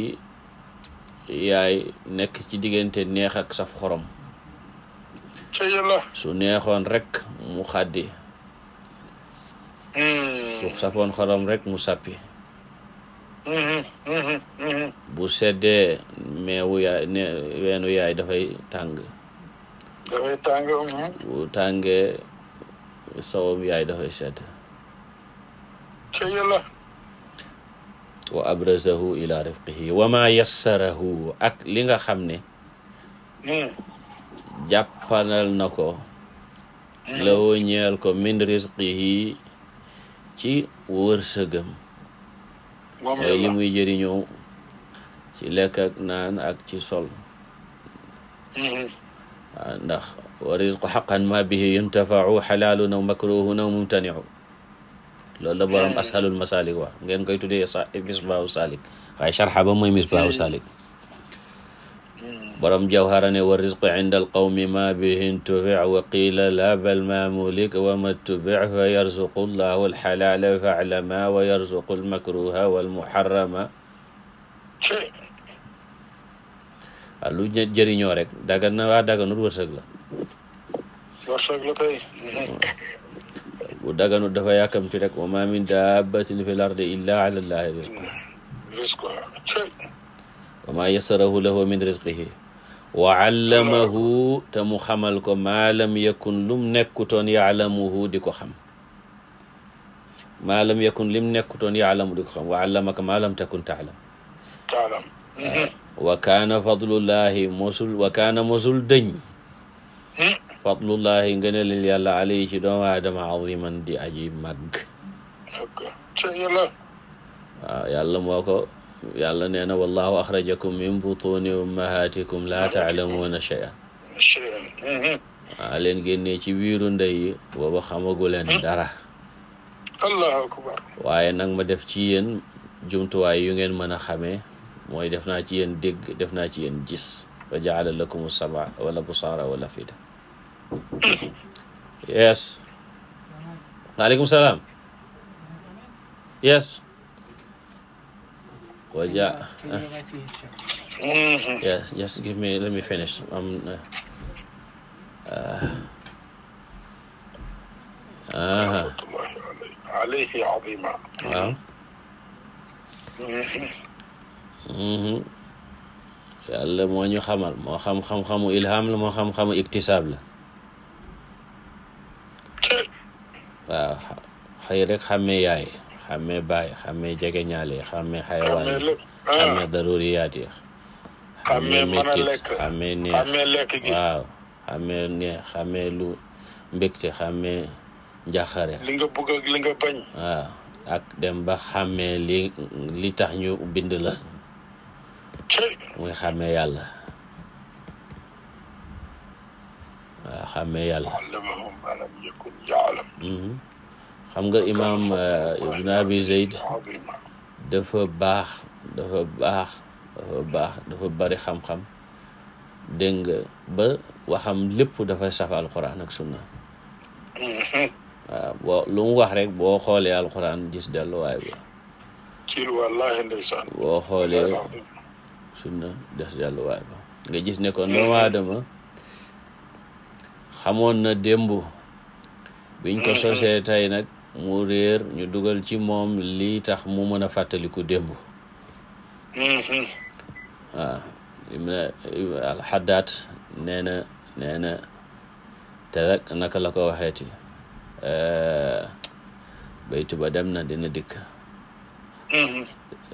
[SPEAKER 1] yaay nekk ci diggante neex ak saf xorom su neexoon rek mu xaddi
[SPEAKER 2] mm-hmm. su
[SPEAKER 1] safoon xorom rek mu sàppi
[SPEAKER 2] mm-hmm.
[SPEAKER 1] bu seddee meewu yaay ne weenu yaay dafay tàng dafay tàng bu tàngee sawam yaay dafay sedd ca yàlla wa abrazahu ila rifqihi wa ma yassarahu ak li nga xam ne hmm. jàppanal na ko hmm. lawoo ñeel ko min rizqihi ci wërsëgam yooyu li muy jëriñoo ci lekk ak naan ak ci sol waaw hmm. ndax wa rizqu xaqan ma bihi yuntafau xalaalun aw makruhun aw mumtaniu loolu la borom ashalul masalik wax ngeen koy tuddee misbaahu salik waaye sharxa ba mooy misbaahu salik borom jawhara ne wa risqu inda alqawmi ma bihin tubic wa qiila la bal ma mulik wa ma tubic fa yarzuqu llahu alxalaala faclama wa yarzuqu almakruha walmuxarrama waaw lu ñu jëriñoo rek dagan na waa daganul wërsëg la
[SPEAKER 2] wërsëg la kay
[SPEAKER 1] bu daganu dafa yàkkamti rek wa ma min dabbatin fi l ardi illa ala llahi rizquha wa ma yasarahu lahu min rizqihi wa allamahu te mu xamal ko maa lam yakun lum nekkutoon yaalamuhu di ko xam maa lam yakun lim nekkutoon yaalamu di ko xam wa allamaka maa lam takun taalam taalam wa kaana fadlullahi mosul wa kaana mosul dëñ fadlullahi ngëneelil yàlla alayhi ci doomu aadama aziman di aji màgg waaw yàlla moo ko yàlla nee na wallahu axrajakum min butuni ummahatikum laa taalamuuna cheyan mhm. waaw leen génnee ci biiru ndey yi booba xamagu leen mhm. dara allahu akbar waaye nag ma def ci yéen jumtuwaay yu ngeen mën a xamee mooy def naa ci yéen dégg def naa ci yéen gis wa jaala lakum sama wala busaara wala fida yes waaleykum salaam yes waja uh, yeah, just mm-hmm. give me let me finish um, uh, aha uh, uh-huh.
[SPEAKER 2] alayhi azima waaw mm-hmm.
[SPEAKER 1] mm-hmm. yàlla moo ñu xamal moo xam xam-xamu ilham la moo xam-xamu iktisaab la waaw xëy rek xàmmee yaay xàmmee baay xàmmee jegeñaale yi xàmmee xayawaan yi xàmmee ah. daruriyaat yi xàmmee mettit xàmmee neex waaw xàmmee neex xàmmee lu mbégte xàmmee njaxare li
[SPEAKER 2] nga bëgg li nga bañ
[SPEAKER 1] waaw ak dem ba xàmmee li li tax ñu bind la muy xàmmee yàlla waaw xàmmee yàlla mhm. xam nga imaam euh, ibn abi zeyd dafa baax dafa baax dafa bari xam-xam dégg nga ba waxam lépp dafa saf alquran ak sunna
[SPEAKER 2] mhm.
[SPEAKER 1] lu mu wax rek boo xoolee alquran gis delluwaay ba boo xoolee sunna des ne ko mhm. doomu aadama xamoon na démb biñ ko mm-hmm. sosee tey nag mu réer ñu dugal ci moom lii tax mu mën a fàttaliku démb mm-hmm. waaw ibn alxaddaat nee na nee naka la ko waxeeti eh, baytu ba dem na dina dikk mm-hmm.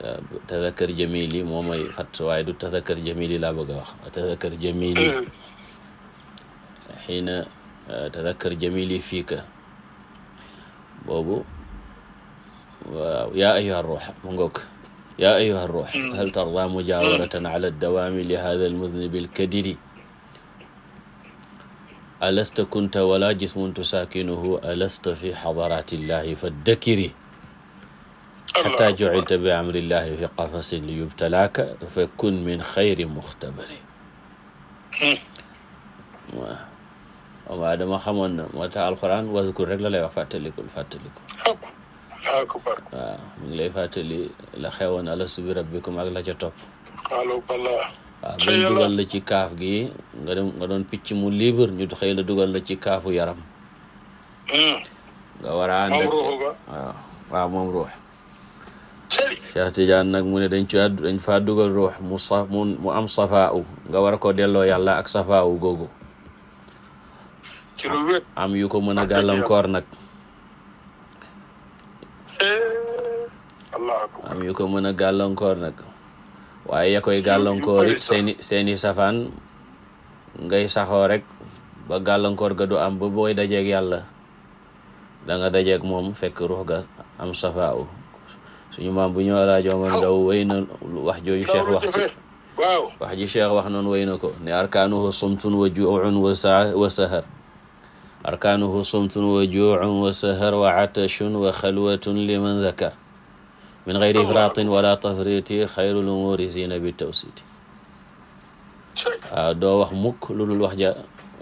[SPEAKER 1] eh, tazakar jamili moo may fat waaye du tazakar jamili laa bëgg a wax tazakar jamili xiina eh, tadakkar jamili fiika boobu waaw yaa ayuha ruux mu ngoog yaa ayuha ruux hal tarda mujawaratan ala dawaami li hada almudnibi alkadiri alasta kunta wala jismun tusaakinuhu alasta fi xadaraati illahi faddakiri xata jucilta bi amrillahi fi qafasin li yubtalaaka fakun min xayri muxtabari hmm. waaw waaw oh, dama xamoon na moo tax alxuraan waskur rek la lay wax fàttalikul fàttalikul waaw mu ngi lay fàttali la xewoon alastu bi rabbikum ak la ca topp alo bala waaw bañ dugal la ci kaaf gi nga dem nga doon picc mu libre ñu xëy la dugal la ci kaafu yaram hmm. nga war a ànd ak waaw waaw moom ruux Cheikh Tidiane nag mu ne dañ ci dañ faa dugal ruux mu sa mu am safaa u nga war koo delloo yàlla ak safaa u googu am yu ko mën a gàllankoor nag eh, am yu ko mën a gàllankoor nag waaye ya koy gàllankoor seeni safaan ngay saxoo rek ba gàllankoor ga du am ba booy dajeeg yàlla danga nga dajeeg moom fekk ruux ga am safaaw suñu maam bu ñu alaajoo man ndaw wéy na wax jooju cheikh wax ci wax ji cheikh wax noonu wéy na ko ne arkaanuhu sumtun wa ju'un wa sa wa sahar arkaanuhu sumtun wa juucun wa sahar wa catashun wa xalwatun liman dakar min gayri ifraatin wala tafriti xayrul umuuri zina bi tawsiti waaw doo wax mukk lu dul wax ja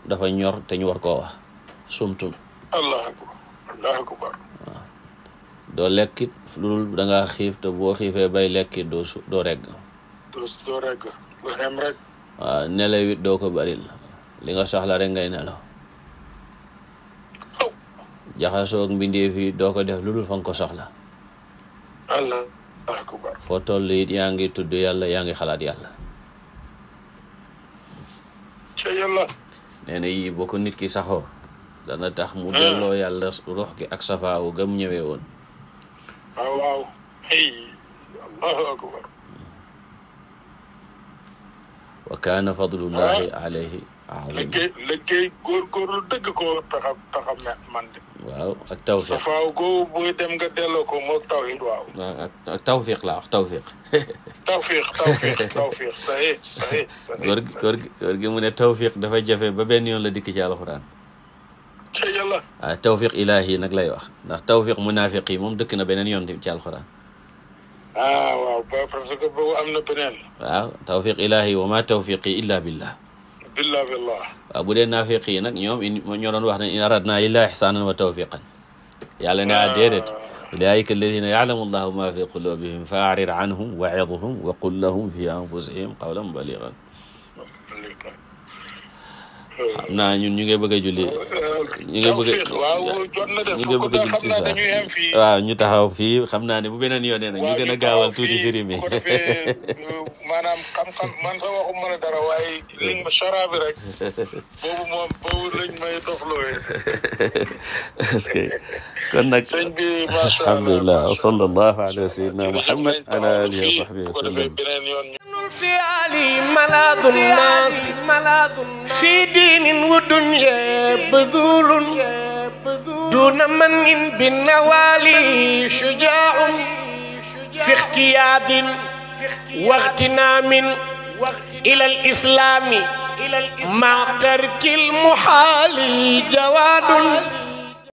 [SPEAKER 1] dafa ñor te ñu war koo wax sumtun allah akbar waaw doo lekkit lu dul da ngaa xiif te boo xiifee bay lekkit doo su doo regg
[SPEAKER 2] doo regg waaw
[SPEAKER 1] nelawit doo ko baril li nga soxla rek ngay nelaw jaxasoog mbindeef yi doo ko def lu dul fa nga ko soxla allah akbar foo ngi tudd yàlla yaa ngi xalaat yàlla nee na yii nit ki saxoo dana tax mu ah. delloo yàlla ruux gi ak safaawu gam ñëwee woon
[SPEAKER 2] ah, waaw hey allahu akbar
[SPEAKER 1] wa fadlullahi ah.
[SPEAKER 2] alayhi waaw ah, liggéey liggéey góorgóorlu dëgg ko taxa taxa man de.
[SPEAKER 1] waaw ak tawfiq. safaaw
[SPEAKER 2] googu buy dem nga delloo ko moog tawhid waaw.
[SPEAKER 1] Ah, ak tawfiq laa wax tawfiq.
[SPEAKER 2] tawfiq tawfiq tawfiq sa yé sa yé. góor gi
[SPEAKER 1] góor gi góor gi mu ne tawfiq dafay jafe ba benn yoon la dikk ci alxuraan. ca yàlla. waaw ah, tawfiq ilaahi nag lay wax ndax tawfiq munaafiq yi moom dëkk na beneen yoon ci alxuraan.
[SPEAKER 2] ah waaw parce que boobu am na beneen.
[SPEAKER 1] waaw tawfiq ilaahi wa ma tawfiqi illa billah.
[SPEAKER 2] billah billah
[SPEAKER 1] waaw bu dee naafiq yi nag ñoom ñoo doon wax ne in aradna illa ihsanan wa tawfiqan yàlla ne a ah, ah. déedéet ulaika alladina yaalamu allahu ma fi qulubihim fa arir anhum wa idhum wa qul lahum fi anfusihim qawlan baligan xam naa ñun ñu ngi bëgg a julli
[SPEAKER 2] ñu ngi bëgg ñu ngi bëgg a julli tisbaar
[SPEAKER 1] waaw ñu taxaw fii xam naa ne bu beneen yoonee nag ñu gën a gaawal tuuti firi mi maanaam xam-xam man
[SPEAKER 2] sa waxu mën a dara waaye liñ ma chara bi
[SPEAKER 1] rek boobu moom boobu lañ may doflooyee est-ce que kon nag alhamdulillah wa sallallahu ala sayyidina muhammad ala alihi wa sahbihi wa sallam
[SPEAKER 2] fi ali maladu nas maladu
[SPEAKER 1] fi دين ودنيا بذول دون من بالنوالي شجاع في اختياد واغتنام إلى الإسلام مع ترك المحال جواد